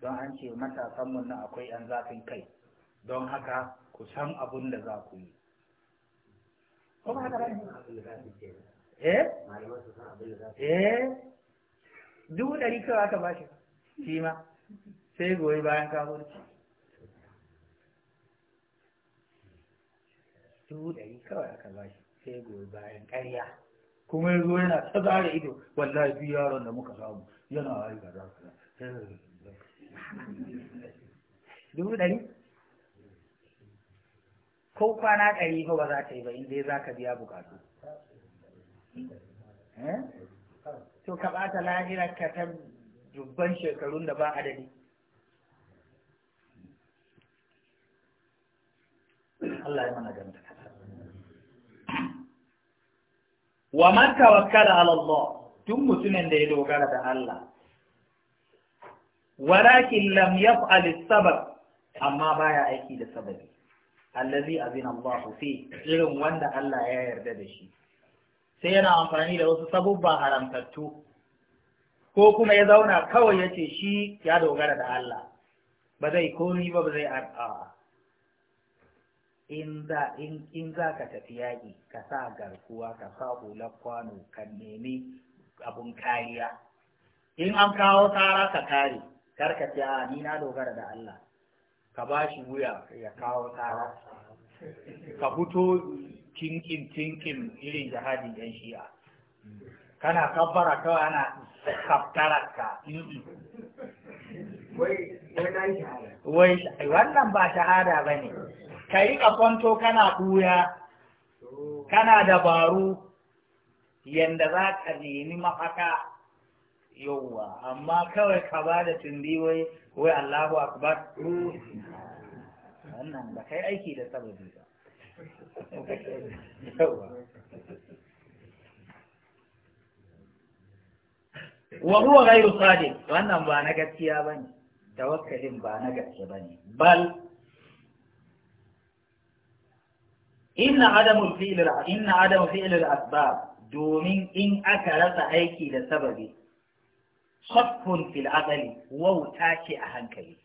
don an ce matasanmu na akwai 'yan zafin kai don haka ku san abin da za ku yi kuma haka eh eh dubu ɗari kawai aka ba shi shi ma sai goyi bayan kafurci dubu ɗari kawai aka ba shi sai goyi bayan ƙarya kuma ya zo yana ta zara ido wallahi duk yaron da muka samu yana aika za ka dubu ɗari ko kwana ɗari ba ba za ta yi ba in dai za ka biya bukatu eh? to ka ɓata lahira ka ta dubban shekarun da ba adadi Allah ya mana ganta wa man tawakkala ala Allah duk mutumin da ya dogara da Allah walakin lam yaf'al sabab amma baya aiki da sababi allazi azina Allah fi irin wanda Allah ya yarda da shi sai yana amfani da wasu sabubba haramtattu ko kuma ya zauna kawai yace shi ya dogara da Allah ba zai komi ba ba zai ar'a in za ka tafi yaƙi ka sa garkuwa ka sa hular kwano ka nemi abun kariya in an kawo tsara ka kare kar ka ce a ni na dogara da Allah ka ba shi wuya ya kawo tsara ka fito cinkin-cinkin irin jihadin yan shi'a kana kabbara kawai ana kaftararka wai wannan ba shahada ba ne ka yi kwanto kana kuya kana dabaru yadda za ka nemi mafaka yawwa amma kawai ka ba da tumbi wai wai Allahu akbar wannan ba kai aiki da sababi ba wa huwa ghairu sadiq wannan ba na gaskiya bane tawakkalin ba na gaskiya bane bal inna adamu fi'l inna adamu fi'l al-asbab domin in aka rasa aiki da sababi saffun fil azali wauta ce a hankali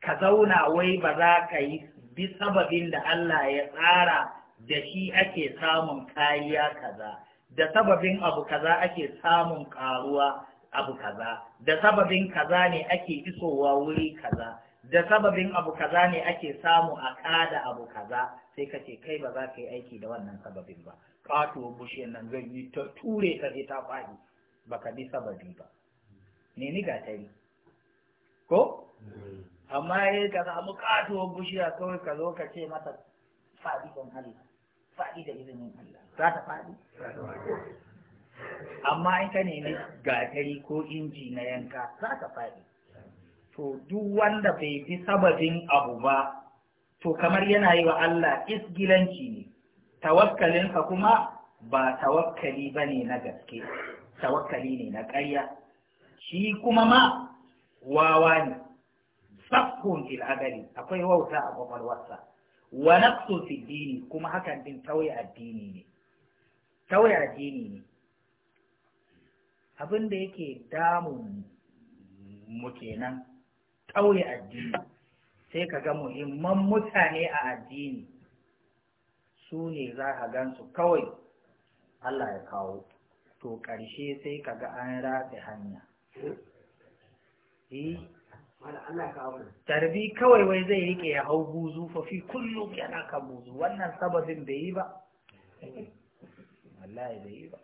ka zauna wai ba za ka yi bi sababin da Allah ya tsara da shi ake samun kariya kaza da sababin abu kaza ake samun karuwa abu kaza da sababin kaza ne ake isowa wuri kaza da sababin abu kaza ne ake samu a kada abu kaza sai ka ce kai ba za ka yi aiki da wannan sababin ba katuwar bushe nan zai yi ta ture ta je ta faɗi baka bi sababi ba ta gatari ko amma ya ka samu katuwar bushiya kawai ka zo ka ce mata faɗi don hali faɗi da izinin Allah za ta faɗi
amma in ka nemi
gatari ko inji na yanka za ta faɗi to duk wanda bai fi sababin abu ba to kamar yana yi wa Allah isgilanci ne tawakkalinsa kuma ba tawakkali ba ne na gaske tawakkali ne na ƙarya shi kuma ma wawa ne sakkun fil adali akwai wauta a kwakwalwarsa wa naqsun fil dini kuma hakan din tauye addini ne tauye addini ne abin da yake damu mu kenan tauye addini sai kaga muhimman mutane a addini su ne za ka gansu kawai Allah ya kawo to ƙarshe sai ka ga an ratse hanya Eh? tarbi kawai wai zai rike ya hau buzu fafi kullum yana kan buzu wannan sababin bai yi ba wallahi bai yi ba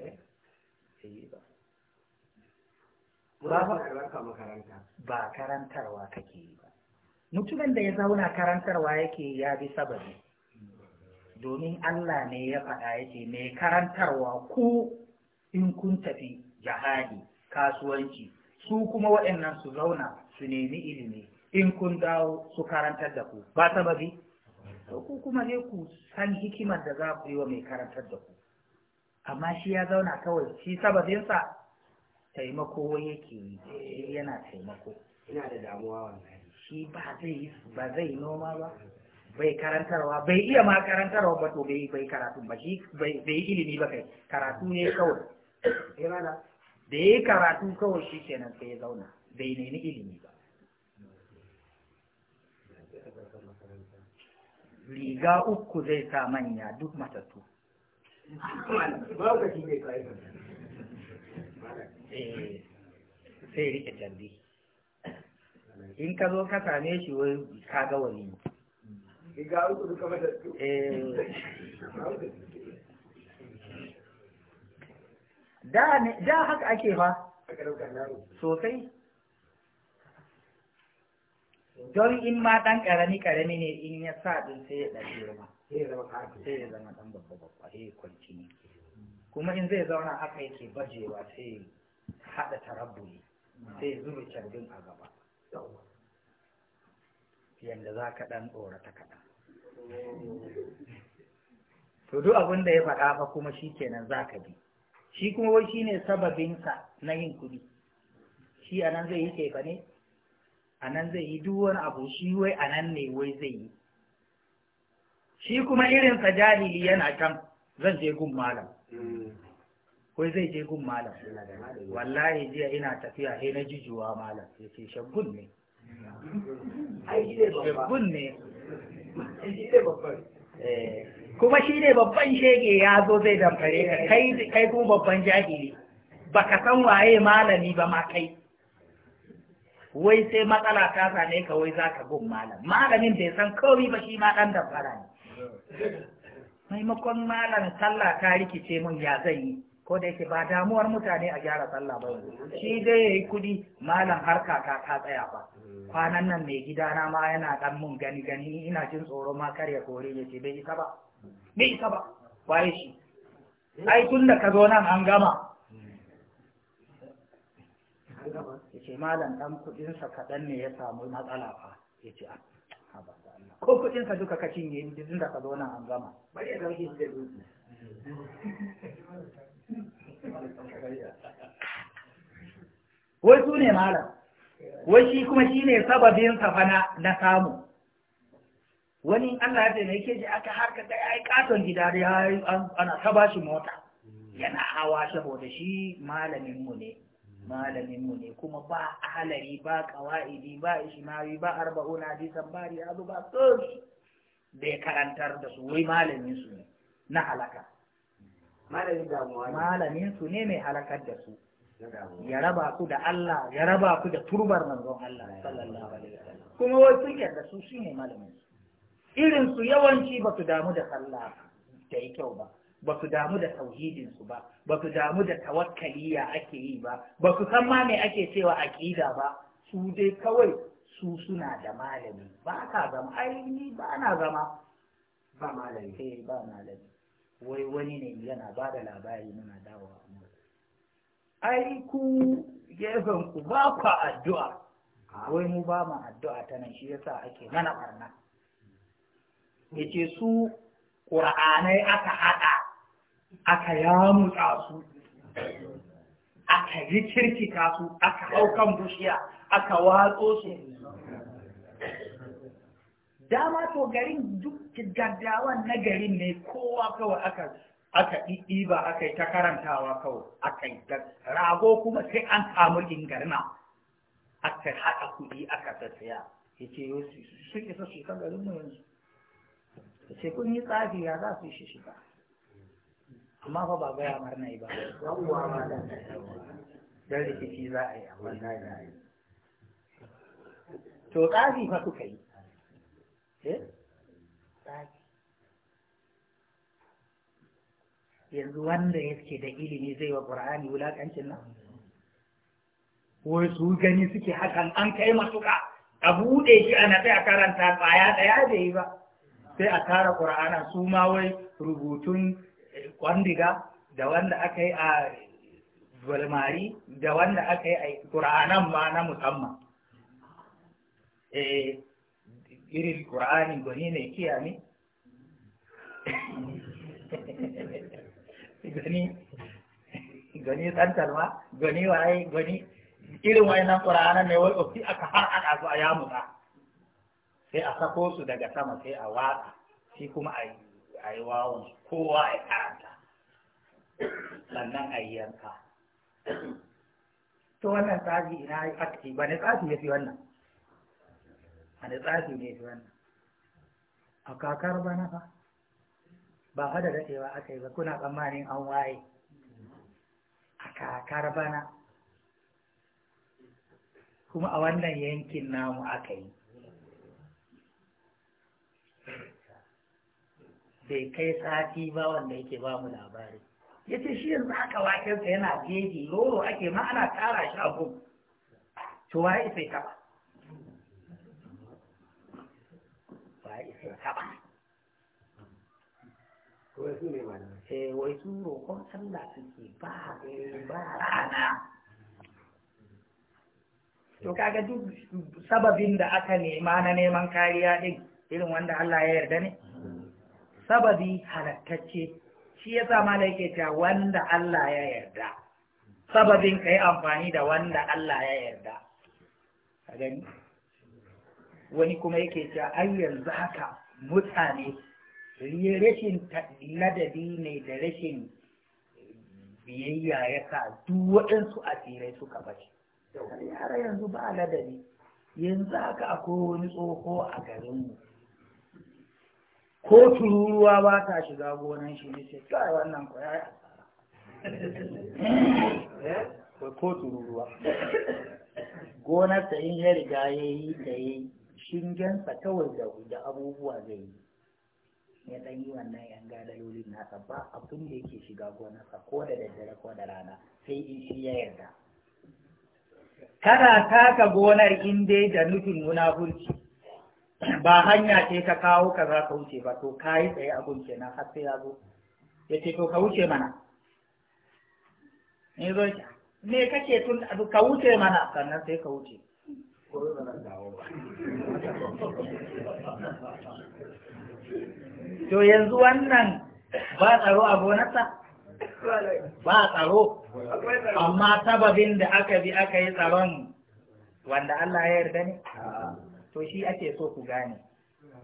eh? ba karantarwa kake yi ba mutumin da ya zauna karantarwa yake ya bi sababi domin Allah ne ya faɗa yake mai karantarwa ko in kun tafi jihadi kasuwanci su kuma waɗannan su zauna su nemi ilimi in kun dawo su karantar da ku ba sababi to ku kuma ne ku san hikimar da za ku yi wa mai karantar da ku amma shi ya zauna kawai shi sababinsa taimako yake yi eh, yana taimako ina da damuwa wannan shi ba zai ba zai noma ba bai karantarwa bai iya ma karantarwa ba to bai bai karatu ba shi bai ilimi ba kai karatu ne kawai eh, da ya yi karatu kawai shi kenan sai ya zauna bai nemi ilimi ba riga uku zai sa manya duk matattu eh, sai rike canbi in ka zo ka same shi wai ka ga wani riga uku duka matattu eh. da haka ake ba sosai don in ma ɗan ƙarami ƙarami ne in ya sa ɗin sai ya ɗan girma sai ya zama ɗan babba babba sai ya kwanci ne kuma in zai zauna haka yake bajewa sai ya haɗa tarabbuli sai ya zuba a gaba yadda za ka ɗan tsorata kaɗan to duk abin da ya faɗa fa kuma shi kenan za ka bi shi kuma wai shi ne sababinsa na yin kuɗi shi a nan zai yi kefa ne a nan zai yi duwar abu shi wai a nan ne wai zai yi shi kuma irinsa jahili yana can zan je gun malam wai zai je gun malam wallahi jiya ina tafiya sai na jijuwa malam ya ce shaggun ne shaggun ne kuma shi ne babban shege ya zo zai damfare ka kai kuma babban jahili baka san waye malami ba ma kai wai sai matsala ta same ka wai za ka gun malam malamin bai san komi ba shi ma dan damfara ne maimakon malam sallah ta rikice mun ya zai yi ko da yake ba damuwar mutane a gyara sallah ba shi dai yayi kudi malam harka ta ta tsaya ba kwanan nan mai gidana ma yana ɗan mun gani gani ina jin tsoro ma kar ya kore ya ce bai isa ba bai isa ba waye shi ai tun da ka zo nan an gama ya ce malam ɗan kuɗinsa kaɗan ne ya samu matsala ba ya ce ah, a ko kuɗinsa duka ka cinye tun da ka zo nan an gama bari ya da wai su ne malam wai shi kuma shi ne sababin safana na samu wani Allah ya ce ji aka harka da ya katon gida dai ana ta shi mota mm. yana hawa saboda shi malaminmu ne mm. malaminmu ne kuma ba halari ba kawa'idi ba ishimawi ba arba'un hadisan ba riyadu ba tsori da ya karantar da su wai malamin su ne na halaka malamin su ne mai halakar da su ya raba ku da Allah ya raba ku da turbar manzon Allah sallallahu alaihi wasallam kuma wai sun yarda su shine malamin su irin su yawanci ba su damu da sallah da yi kyau ba ba su damu da tauhidinsu ba ba su damu da tawakkaliya ake yi ba ba su san ma me ake cewa aqida ba su dai kawai su suna da malami ba ka zama ai ni ba na zama ba malami eh ba malami wai wani ne yana ba da labari muna dawowa ai ku gefen ku ba ku addu'a ah. wai mu ba mu addu'a ta nan shi yasa ake mana ɓarna. yace su ƙura'anai aka haɗa aka yamutsa su aka yi kirkita su aka hau kan bushiya aka watso su dama to garin duk gaddawan na garin ne kowa kawai aka aka ba aka yi ta karantawa kawai aka yi rago kuma sai an samu ingarna aka haɗa kuɗi aka tattaya ya yau sun isa su ta garin mu yanzu ta ce kun yi tsafi ya za su shi shiga amma fa ba gaya mar na yi ba yawwa ma da dan rikici za a yi amma na da yi to tsafi fa kuka yi eh tsafi yanzu wanda yake da ilimi zai wa qur'ani wulakancin nan wai su gani suke hakan an kai matuka? a buɗe shi a nafi a karanta tsaya ɗaya da yi ba sai a tara ƙura'ana su ma wai rubutun eh, kwandiga da wanda aka yi a bulmari da wanda aka yi a ƙura'anan ma na musamman eh, irin ƙura'anin gani ne kiya ne gani gani tantar ma gani waye gani irin wayannan ƙura'anan ne wai ofi aka har aka zuwa a yamuka sai a sako su daga sama sai a watsa shi kuma a yi wawon kowa ya karanta sannan a yi yanka to wannan tsafi ina yi fatiki ba ne tsafi ne fi wannan ba ne tsafi ne fi wannan a kakar bana fa ba fa da daɗewa aka yi ba kuna tsammanin an waye a kakar bana kuma a wannan yankin namu aka yi bai kai sati ba wanda yake ba mu labari ya ce shi yanzu aka wakensa yana jeji loro ake ma ana tara shi a gun to wa isa ya taba wa isa ya taba eh, wai su roƙon Allah suke ba ba rana to kaga duk sababin da aka nema na neman kariya din irin wanda Allah ya yarda ne sababi halattacce shi ya sa mala yake wanda Allah ya yarda sababin ka amfani da wanda Allah ya yarda ka gani wani kuma yake ta ai yanzu haka mutane rashin ladabi ne da rashin biyayya ya sa duk waɗansu asirai suka bace har yanzu ba ladabi yanzu haka akwai wani tsoho a garinmu ko tururuwa ba ta shiga gonan shi ne sai kai wannan ko yaya asara eh? Eh? ko tururuwa gonarsa in ya riga ya yi da ya shingensa kawai da da abubuwa zai yi ya ɗan yi wannan yan gadalolin nasa ba abin da yake shiga gonarsa ko da daddare ko da rana sai in shi ya yarda kada taka gonar in dai da nufin munafurci ba hanya ce ta kawo ka za ka wuce ba to ka yi tsaye abun kenan har sai ya zo ya ce to ka wuce mana ne zo me kake tun ka wuce mana sannan sai ka wuce to yanzu wannan ba tsaro a gonarsa ba tsaro amma sababin da aka bi aka yi tsaron wanda Allah ya yarda ne to shi ake so ku gane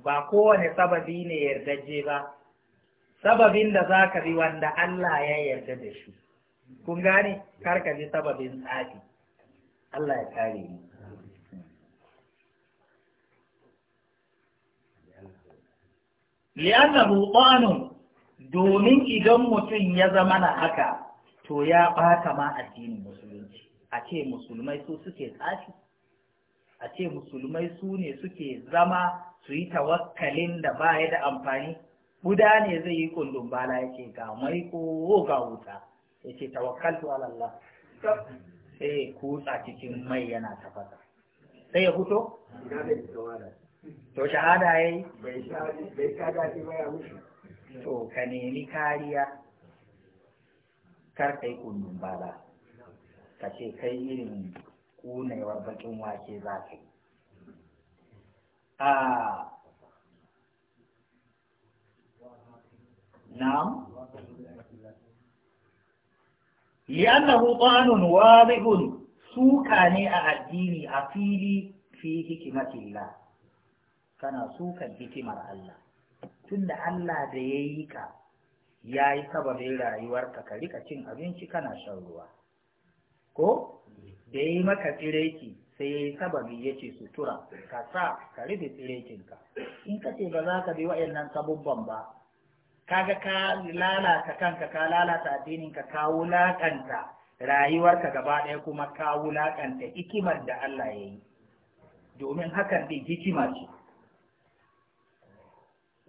ba kowane sababi ne yardaje ba sababin da za ka bi wanda Allah ya yarda da shi kun gane kar ka bi sababin tsafi Allah ya kare ni. li'anna qanun domin idan mutum ya zama na haka to ya ɓata ma addinin musulunci a ce musulmai su suke tsafi a ce musulmai su ne suke zama su yi tawakkalin da baya da amfani guda ne zai yi kundin bala yake ga mai ko ga wuta ya ce tawakkal ala Allah sai kutsa cikin mai yana tafasa sai ya fito to shahada yayi bai ba ya to ka nemi kariya kar kai kundin bala ka ce kai irin ƙunewar baƙin wake za ka yi a suka ne a addini a fili fi hikimar kana sukan hikimar Allah tunda Allah da ya yi ka ya yi sababin rayuwarka ka rika cin abinci kana shan ruwa ko da ya yi maka tsireki sai ya yi sababi ya ce sutura ka sa ka rufe tsirekinka in ka ce ba za ka bi wa'annan sabubban ba kaga ka lalata kanka ka lalata addininka ka wulakanta rayuwarka gaba ɗaya kuma ka wulakanta hikimar da Allah ya yi domin hakan ɗin hikima ce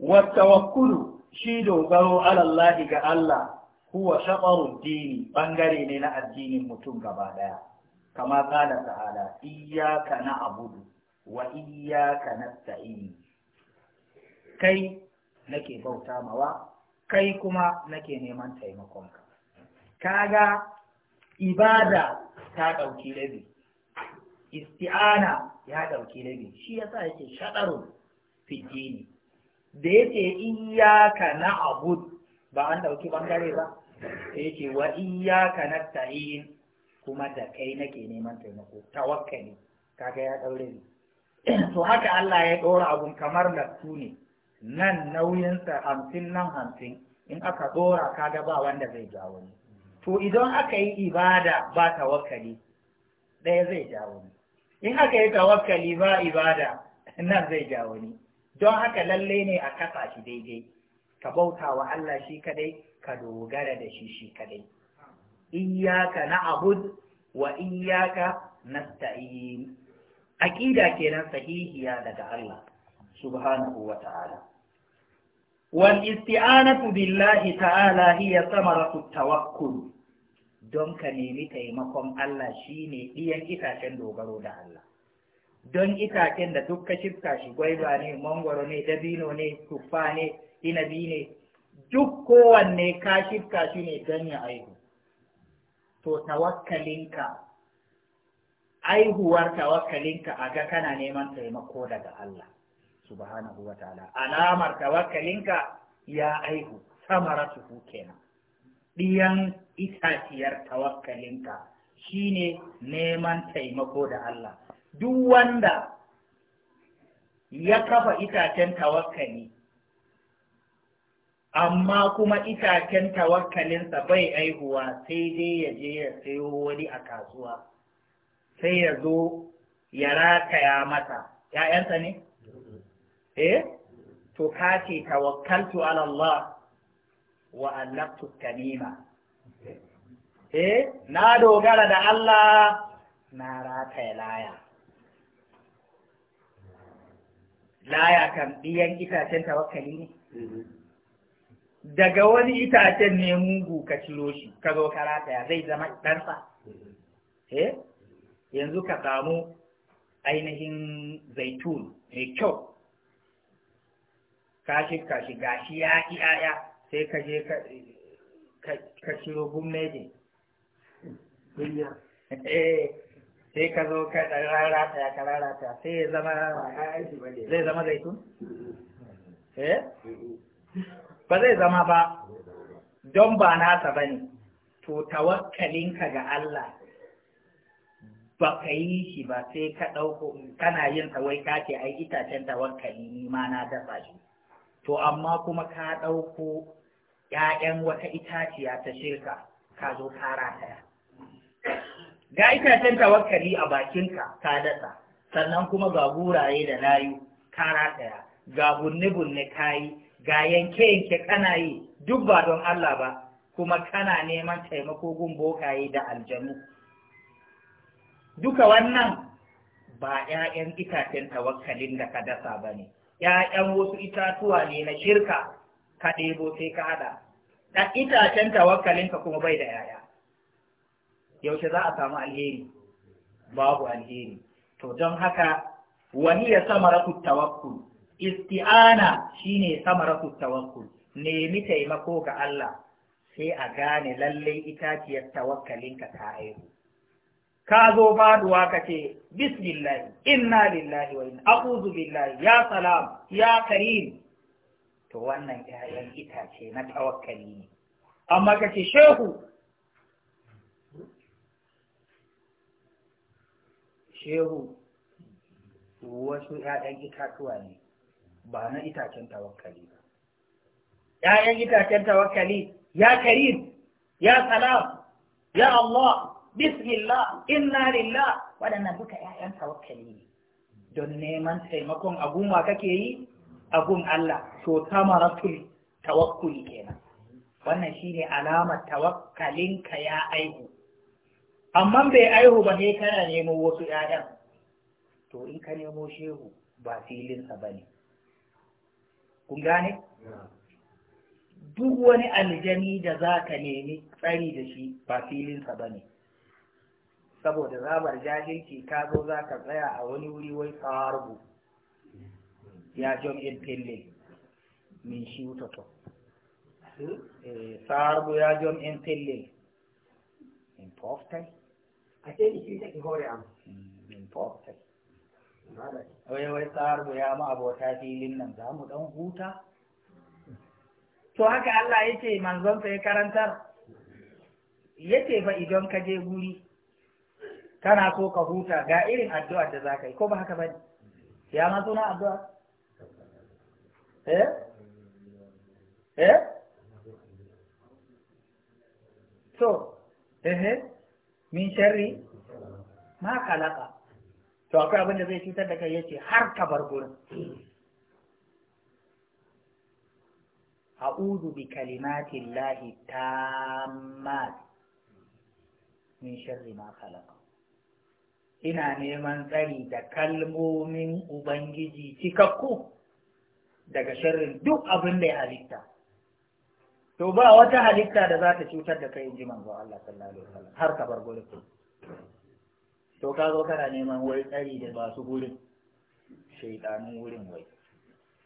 Wakulu, shi dogaro alallahi ga Allah huwa shaɓarun dini ɓangare ne na addinin mutum gaba ɗaya kama kala ta'ala iyyaka na'budu wa iyyaka nasta'in kai nake bauta mawa kai kuma nake neman taimakonka kaga ibada ta ɗauki rabi isti'ana ya ɗauki rabi shi yasa yake shaɗarun fitini da yake iyaka na ba an ɗauki ɓangare ba da yake wa iyaka kuma da kai nake neman taimako tawakkali kaga ya daure ni to haka Allah ya dora abun kamar lattu ne nan nauyinsa hamsin nan hamsin in aka dora kaga ba wanda zai jawo wani to idan aka yi ibada ba tawakkali ɗaya zai jawo wani in aka yi tawakkali ba ibada nan zai jawo wani don haka lalle ne a kasa shi daidai ka bauta wa Allah shi kadai ka dogara da shi shi kadai iyyaka na'bud wa iyyaka nasta'in aqida kenan sahihiya daga Allah subhanahu wa ta'ala wal isti'anatu billahi ta'ala hiya samaratu tawakkul don ka nemi taimakon Allah shine ɗiyan itacen dogaro da Allah don itacen da duk ka shifka shi gwaiba ne mangoro ne dabino ne tuffa ne inabi ne duk kowanne ka shifka shi ne don ya aihu to tawakkalinka aihuwar tawakkalinka a ga kana neman taimako daga Allah subhanahu wa ta'ala alamar tawakkalinka ya aihu samaratuhu kenan ɗiyan itaciyar tawakkalinka shine neman taimako da Allah duk wanda ya kafa itacen tawakkali amma kuma itacen tawakkalinsa bai aihuwa sai dai ya je ya sayo wani a kasuwa sai ya zo ya rataya mata ‘ya'yansa ne? eh to ka ce tawakkaltu Allah wa allaftu kanima eh na dogara da Allah na rataya laya laya kan biyan itacen tawakkali ne mm-hmm. daga wani itacen ne mugu ka ciro shi ka zo ka rataya zai zama ɗansa eh yanzu ka samu ainihin zaitun mai kyau kashi kashi gashi ya iyaya sai ka je ka ciro gummeje eh, sai ka zo ka rarata ka rarata sai ya zama zai zama zaitun eh ba zai zama ba don ba nasa ba ne to tawakkalinka ga Allah ba ka yi shi ba sai ka ɗauko kana yin tawai ka ce ai itacen tawakkali ni ma na dafa shi to amma kuma ka ɗauko ‘ya'yan wata itaciya ta shirka ka zo ka rataya ga itacen tawakkali a bakinka ka dasa sannan kuma ga guraye da layu ka rataya ga bunne-bunne kayi ga yanke yanke kana yi duk ba don Allah ba kuma kana neman taimako gun bokaye da aljanu duka wannan ba ‘ya'yan itacen tawakkalin da ka dasa ba ne, ‘ya'yan wasu itatuwa ne na shirka ka ɗebo sai ka haɗa, Da itacen tawakkalin ka kuma bai da ‘ya'ya. Yaushe za a samu alheri? Babu alheri. To don haka, wani ya sama raku tawakkul, isti'ana shine samaratu tawakkul nemi taimako ga Allah sai a gane lallai itaciyar tawakkalinka ta aihu ka zo faduwa ka ce bismillahi inna lillahi wa inna a'udhu billahi ya salam ya karim to wannan 'ya'yan itace na tawakkali ne amma kace shehu shehu wasu ‘ya'yan itatuwa ne, ba na itacen tawakkali ba ‘ya'yan itacen tawakkali ya karim ya salam ya Allah bismillah inna lillah waɗannan duka ‘ya'yan tawakkali ne don neman taimakon agunwa kake yi agun Allah so tamaratul tawakkuli kenan wannan shine alamar tawakkalinka ya aihu amma bai aihu ba sai kana nemo wasu ‘ya'yan to in ka nemo shehu ba filinsa ba ne kun gane duk wani aljani da za ka nemi tsari da shi ba filinsa ba ne saboda zabar jahilci ka zo za ka tsaya a wani wuri wai tsarbu ya john pille min shi wutoto tsarbu eh, ya john in pille in poftai a ce ni shi take hore am hmm, in poftai wai wai tsar ya ma abota filin nan za mu dan huta to haka Allah yake manzon sa ya karantar Yake fa idan ka je guri kana so ka huta ga irin addu'a da za yi ko ba haka bane ya ma suna addu'a eh eh so eh, eh min sharri ma kalaka to akwai abin da zai cutar da kai yace har ka bar gurin a'udhu bi kalimati llahi tammat min sharri ma khalaqa ina neman tsari da kalmomin ubangiji cikakku daga sharrin duk abin da ya halitta to ba wata halitta da za ta cutar da kai in ji manzo Allah sallallahu alaihi wasallam har ka bar gurin to ka zo kana neman wai tsari da masu gurin shaidanun wurin wai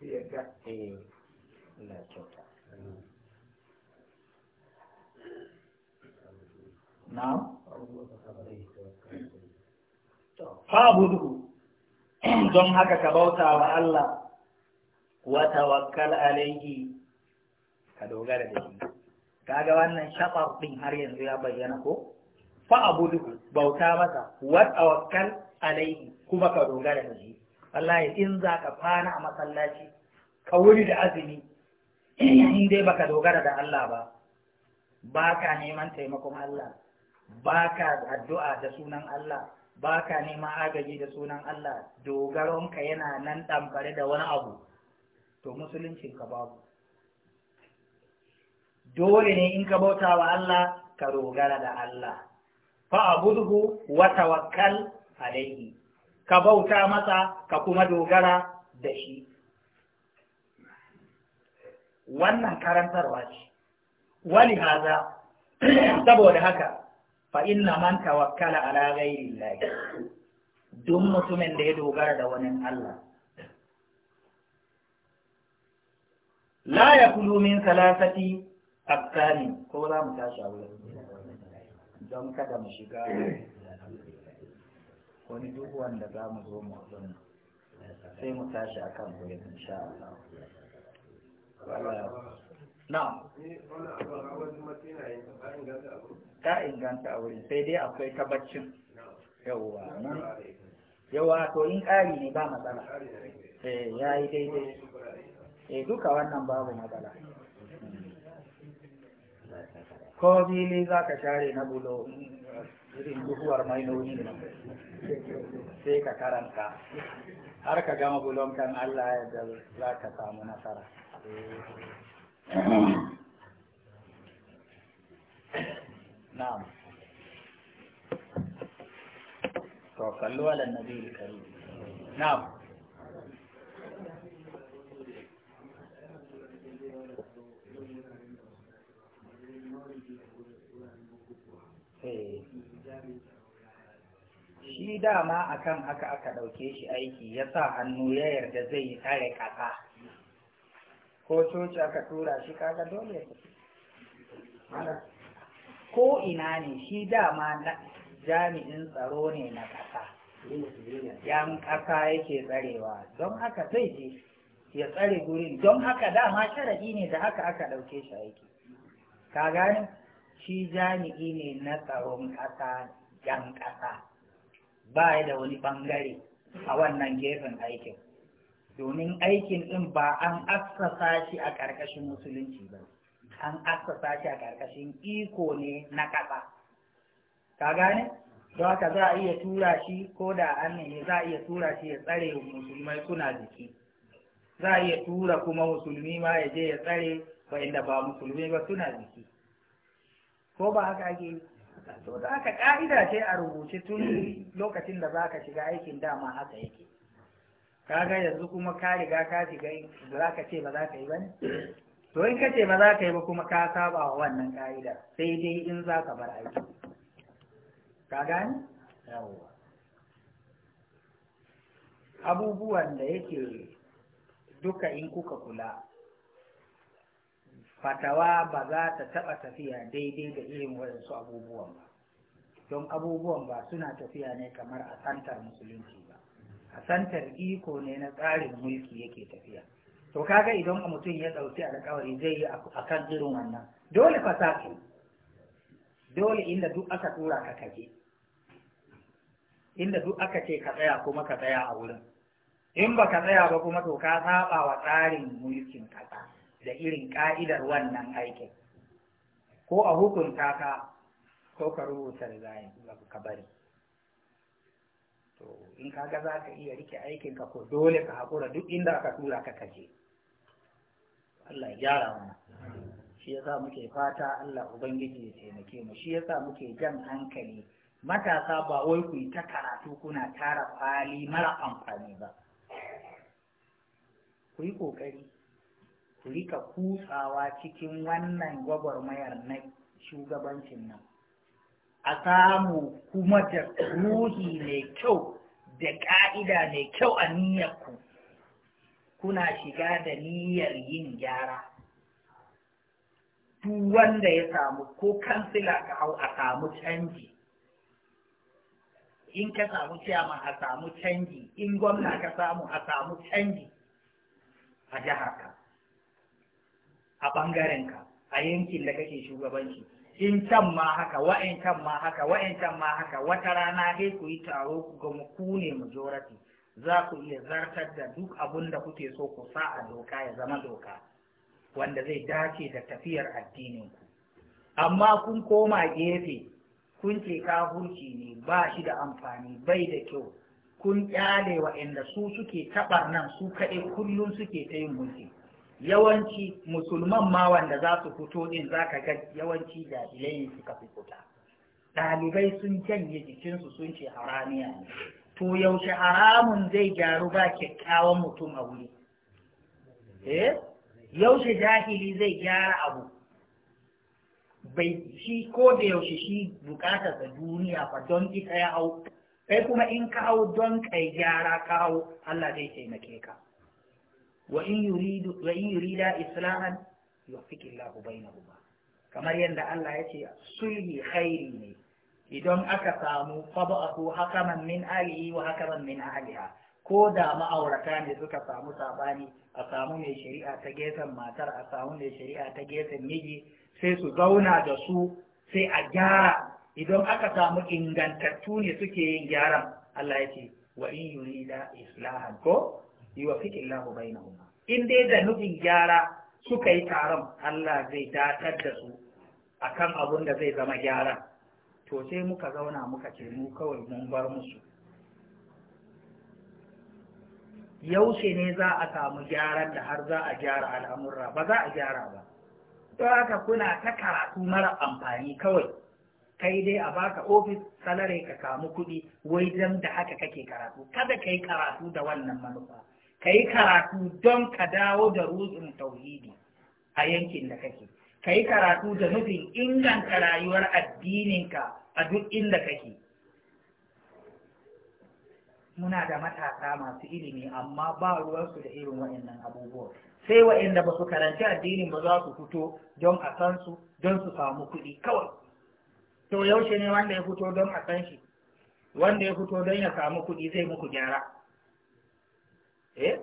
eh Allah don haka ka bauta wa Allah wa tawakkal alayhi ka dogara da shi kaga wannan shafar din har yanzu ya bayyana ko Fa fa'abudu bauta masa wa tawakkal alaihi kuma ka dogara da shi wallahi in za ka fana a masallaci ka wuri da azumi in dai baka dogara da Allah ba baka neman taimakon Allah baka addu'a da sunan Allah baka neman agaji da sunan Allah dogaron ka yana nan ɗamfare da wani abu to musuluncin ka babu dole ne in ka bauta wa Allah ka dogara da Allah fa'budhu wa tawakkal alayhi ka bauta masa ka kuma dogara da shi wannan karantarwa ce wani haza saboda haka fa inna man tawakkala ala ghairillahi duk mutumin da ya dogara da wani Allah la yakulu min salasati ko za mu tashi a wurin don kada mu shiga wani duk wanda za mu zo mu zo sai mu tashi a kan wurin insha Allah. Na. ta inganta a wurin sai dai akwai tabbacin yawwa nan. Yawa to in ƙari ne ba matsala. Eh, ya yi daidai. Eh duka wannan babu matsala. ko fili za ka share na bulo irin duhuwar mainoni sai ka karanta har ka gama bulon kan Allah yadda za ka samu nasara na'am to kallo ala karim na'am shi dama akan haka aka ɗauke shi aiki ya sa hannu ya yarda zai yi tare ƙasa ko coci aka tura shi kaga dole ya ko ina ne shi dama na jami'in tsaro ne na ƙasa yan ƙasa yake tsarewa don haka zai je ya tsare gurin don haka dama sharaɗi ne da haka aka ɗauke shi aiki ka gani shi jami'i ne na tsaron ƙasa yan ƙasa ba ya da wani bangare a wannan gefen aikin domin aikin ɗin ba an assasa shi a ƙarƙashin musulunci ba an assasa shi a ƙarƙashin iko ne na ƙasa ka gane don haka za a iya tura shi ko da an ne za a iya tura shi ya tsare musulmai kuna jiki za a iya tura kuma musulmi ma ya je ya tsare wa'inda ba musulmi ba suna jiki ko ba haka ake to da aka ka'ida ce a rubuce tun lokacin da zaka shiga aikin dama haka yake kaga yanzu kuma ka riga ka shiga za ka ce ba za ka yi ba ne to in ka ce ba za ka yi ba kuma ka saba wa wannan ka'ida sai dai in za ka bar aiki ka gani yawwa abubuwan da yake duka in kuka kula fatawa ba za ta taɓa tafiya daidai da irin waɗansu abubuwan ba don abubuwan ba suna tafiya ne kamar a santar musulunci ba a santar iko ne na tsarin mulki yake tafiya to kaga idan a mutum ya ɗauki alƙawari zai yi a kan irin wannan dole fasafi dole inda duk aka tura ka kaje inda duk aka ce ka tsaya kuma ka tsaya a wurin in ba ka tsaya ba kuma to ka saba wa tsarin mulkin ƙasa da irin ƙa'idar wannan aikin ko a hukunta ka ko ka rubuta resign ka bari to in kaga za ka iya rike aikinka ka ko dole ka haƙura duk inda aka tura ka kaje Allah ya gyara mana shi yasa muke fata Allah ubangiji ya taimake mu shi yasa muke jan hankali matasa ba wai ku ta karatu kuna tara kwali mara amfani ba ku yi ƙoƙari ku rika kutsawa cikin wannan gwagwarmayar na shugabancin nan a samu kuma da ruhi mai kyau da ƙa'ida mai kyau a niyyarku kuna shiga da niyyar yin gyara duk wanda ya samu ko kansila ka hau a samu canji in ka samu ciyaman a samu canji in gwamna ka samu a samu canji a jihar ka a ɓangarenka a yankin da kake shugabanci in can ma haka wa'in can ma haka wa'in can ma haka wata rana dai ku yi taro ku ga ku ne majority za ku iya zartar da duk abun da kuke so ku sa a doka ya zama doka wanda zai dace da tafiyar addinin ku amma kun koma gefe kun ce kafurci ne ba shi da amfani bai da kyau kun kyale wa'inda su suke taɓar nan su kaɗai kullum suke ta yin mulki yawanci musulman ma wanda za su fito din za ka ga yawanci jahilai ne suka fi fita ɗalibai sun janye jikinsu sun ce haramiya ne to yaushe haramun zai gyaru ba kyakkyawan mutum a wuri eh yaushe jahili zai gyara abu bai shi ko da yaushe shi bukatarsa duniya fa don ita ya hau kai kuma in ka hau don kai gyara ka hau Allah zai taimake ka wa in yuridu wa in yurida islahan yuwaffiqillahu bainahuma kamar yadda Allah ya ce sulhi khairi ne idan aka samu fab'ahu hakaman min alihi wa hakaman min ahliha ko da ma'aurata ne suka samu sabani a samu mai shari'a ta gefen matar a samu mai shari'a ta gefen miji sai su zauna da su sai a gyara idan aka samu ingantattu ne suke yin gyaran Allah ya ce wa in yurida islahan ko bai na bainahum in dai da nufin gyara suka yi taron Allah zai datar da su akan abun da zai zama gyara to sai muka zauna muka ce mu kawai mun bar musu yaushe ne za a samu gyaran da har za a gyara al'amurra ba za a gyara ba don haka kuna ta karatu mara amfani kawai kai dai a baka ofis salare ka samu kuɗi wai dan da haka kake karatu kada ka yi karatu da wannan manufa ka yi karatu don ka dawo da rutsun tauhidi a yankin da kake ka yi karatu da nufin inganta rayuwar addininka a duk inda kake muna da matasa masu ilimi amma ba ruwansu da irin waɗannan abubuwa sai waɗanda ba su karanci addinin ba za su fito don a san su don su samu kuɗi kawai to yaushe ne wanda ya fito don a san shi wanda ya fito don ya samu kuɗi zai muku gyara eh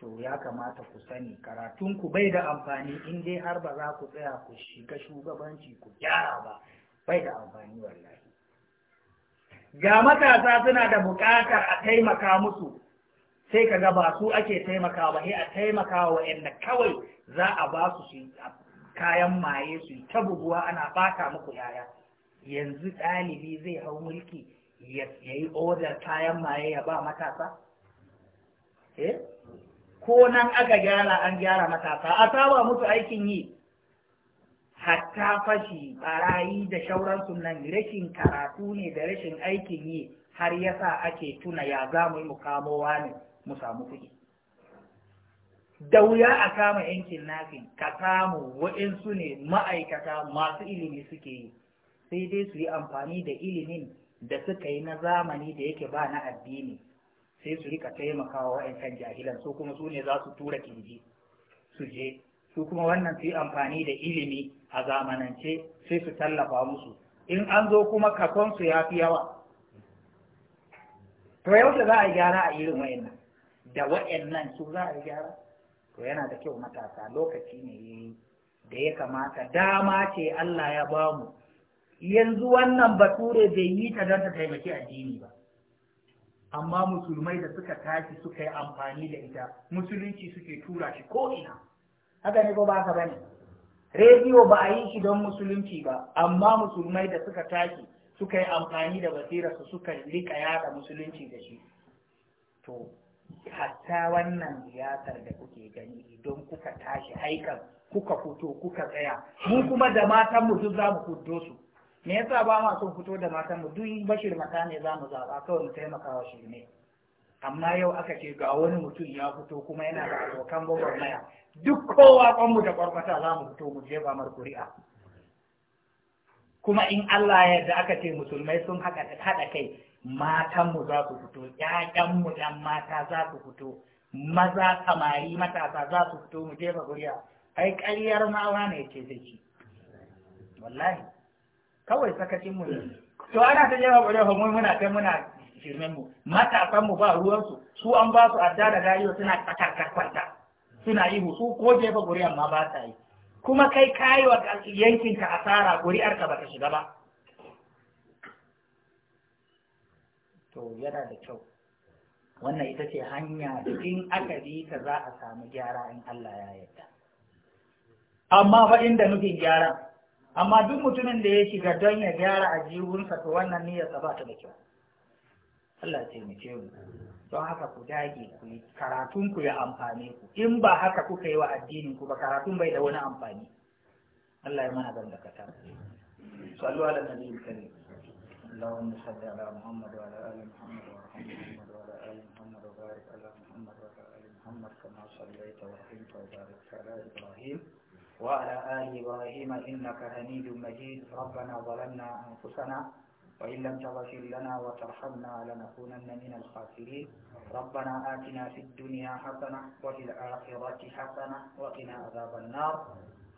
to ya kamata ku sani karatunku bai da amfani in dai har ba za ku tsaya ku shiga shugabanci ku gyara ba bai da amfani wallahi ga matasa suna da buƙatar a taimaka musu sai ka ga ba su ake taimaka ba sai a taimaka wa yadda kawai za a ba su su kayan maye su ta buguwa ana bata muku yaya yanzu ɗalibi zai hau mulki ya yi odar kayan maye ya ba matasa Eh? ko nan aka gyara an gyara matasa a saba musu aikin yi hatta fashi barayi da shauran nan rashin karatu ne da rashin aikin yi har yasa ake tuna ya za mu yi mu ne mu samu kuɗi da wuya a kama yankin nafin ka samu waɗansu ne ma'aikata masu ilimi suke yi sai dai su yi amfani da ilimin da suka yi na zamani da yake ba na addini sai su rika taimakawa wa'ancan jahilan su kuma su ne za su tura kirji su je su kuma wannan su yi amfani da ilimi a zamanance sai su tallafa musu in an zo kuma kason ya fi yawa to yaushe za a gyara a irin wa'annan da wa'annan su za a gyara to yana da kyau matasa lokaci ne da ya kamata dama ce Allah ya bamu yanzu wannan bature bai yi ta don taimaki addini ba amma musulmai da suka tashi suka yi amfani da ita musulunci suke tura shi ko ina haka ne ko ba bane rediyo ba a yi shi don musulunci ba amma musulmai da suka tashi suka yi amfani da su suka rika yada musulunci da shi to hatta wannan siyasar da kuke gani idan kuka tashi haikan kuka fito kuka tsaya mu kuma da matan mu duk za mu fito su me yasa ba ma son fito da matan mu duk bashir mata ne za mu zaɓa kawai mu taimaka wa shi ne amma yau aka ce ga wani mutum ya fito kuma yana da abokan gwagwarmaya duk kowa kwanmu da kwarkwata za mu fito mu je ba mar kuri'a kuma in Allah ya yarda aka ce musulmai sun haɗa kai matanmu za su fito mu ɗan mata za su fito maza samari matasa za su fito mu jefa ba kuri'a ai ƙaryar mawa ne ce zai ci wallahi kawai sakacin mu ne to ana ta jefa bare mu muna kai muna shirmen mu matasan mu ba ruwan su su an ba su adda da rayuwa suna tsakar kwanta suna yi su ko jefa ƙuri'an ma ba ta yi kuma kai kayi wa yankinka asara ƙuri'ar ka ta shiga ba to yana da kyau wannan ita ce hanya da in aka bi ta za a samu gyara in Allah ya yarda amma fa inda nufin gyara amma duk mutumin da ya shiga don ya gyara a jihunsa to wannan niyyarsa ba ta da kyau Allah ya mu mu don haka ku dage ku yi karatun ku ya amfani ku in ba haka kuka yi wa addinin ku ba karatun bai da wani amfani Allah ya mana kata sallu ala ala karim اللهم صل على محمد وعلى ال محمد وارحم محمد وعلى ال محمد وبارك على محمد وعلى ال محمد كما صليت ورحمت وباركت على ابراهيم وعلى آل إبراهيم إنك حميد مجيد ربنا ظلمنا أنفسنا وإن لم تغفر لنا وترحمنا لنكونن من الخاسرين ربنا آتنا في الدنيا حسنة وفي الآخرة حسنة وقنا عذاب النار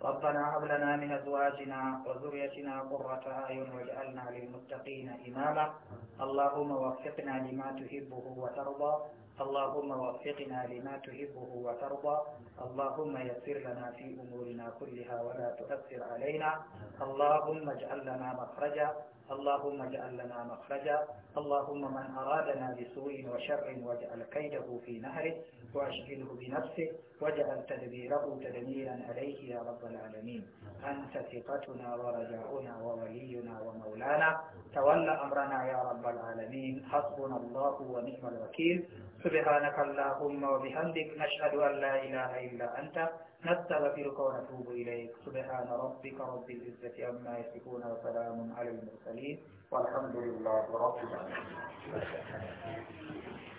ربنا هب لنا من ازواجنا وذريتنا قرة اعين واجعلنا للمتقين اماما اللهم وفقنا لما تحبه وترضى اللهم وفقنا لما تحبه وترضى اللهم يسر لنا في امورنا كلها ولا تؤثر علينا اللهم اجعل لنا مخرجا اللهم اجعل لنا مخرجا اللهم من ارادنا بسوء وشر واجعل كيده في نهره وأشغله بنفسه واجعل تدبيره تدميرا عليه يا رب العالمين أنت ثقتنا ورجاؤنا وولينا ومولانا تول أمرنا يا رب العالمين حسبنا الله ونعم الوكيل سبحانك اللهم وبحمدك نشهد أن لا إله إلا أنت نستغفرك ونتوب إليك سبحان ربك رب العزة عما يصفون وسلام على المرسلين والحمد لله رب العالمين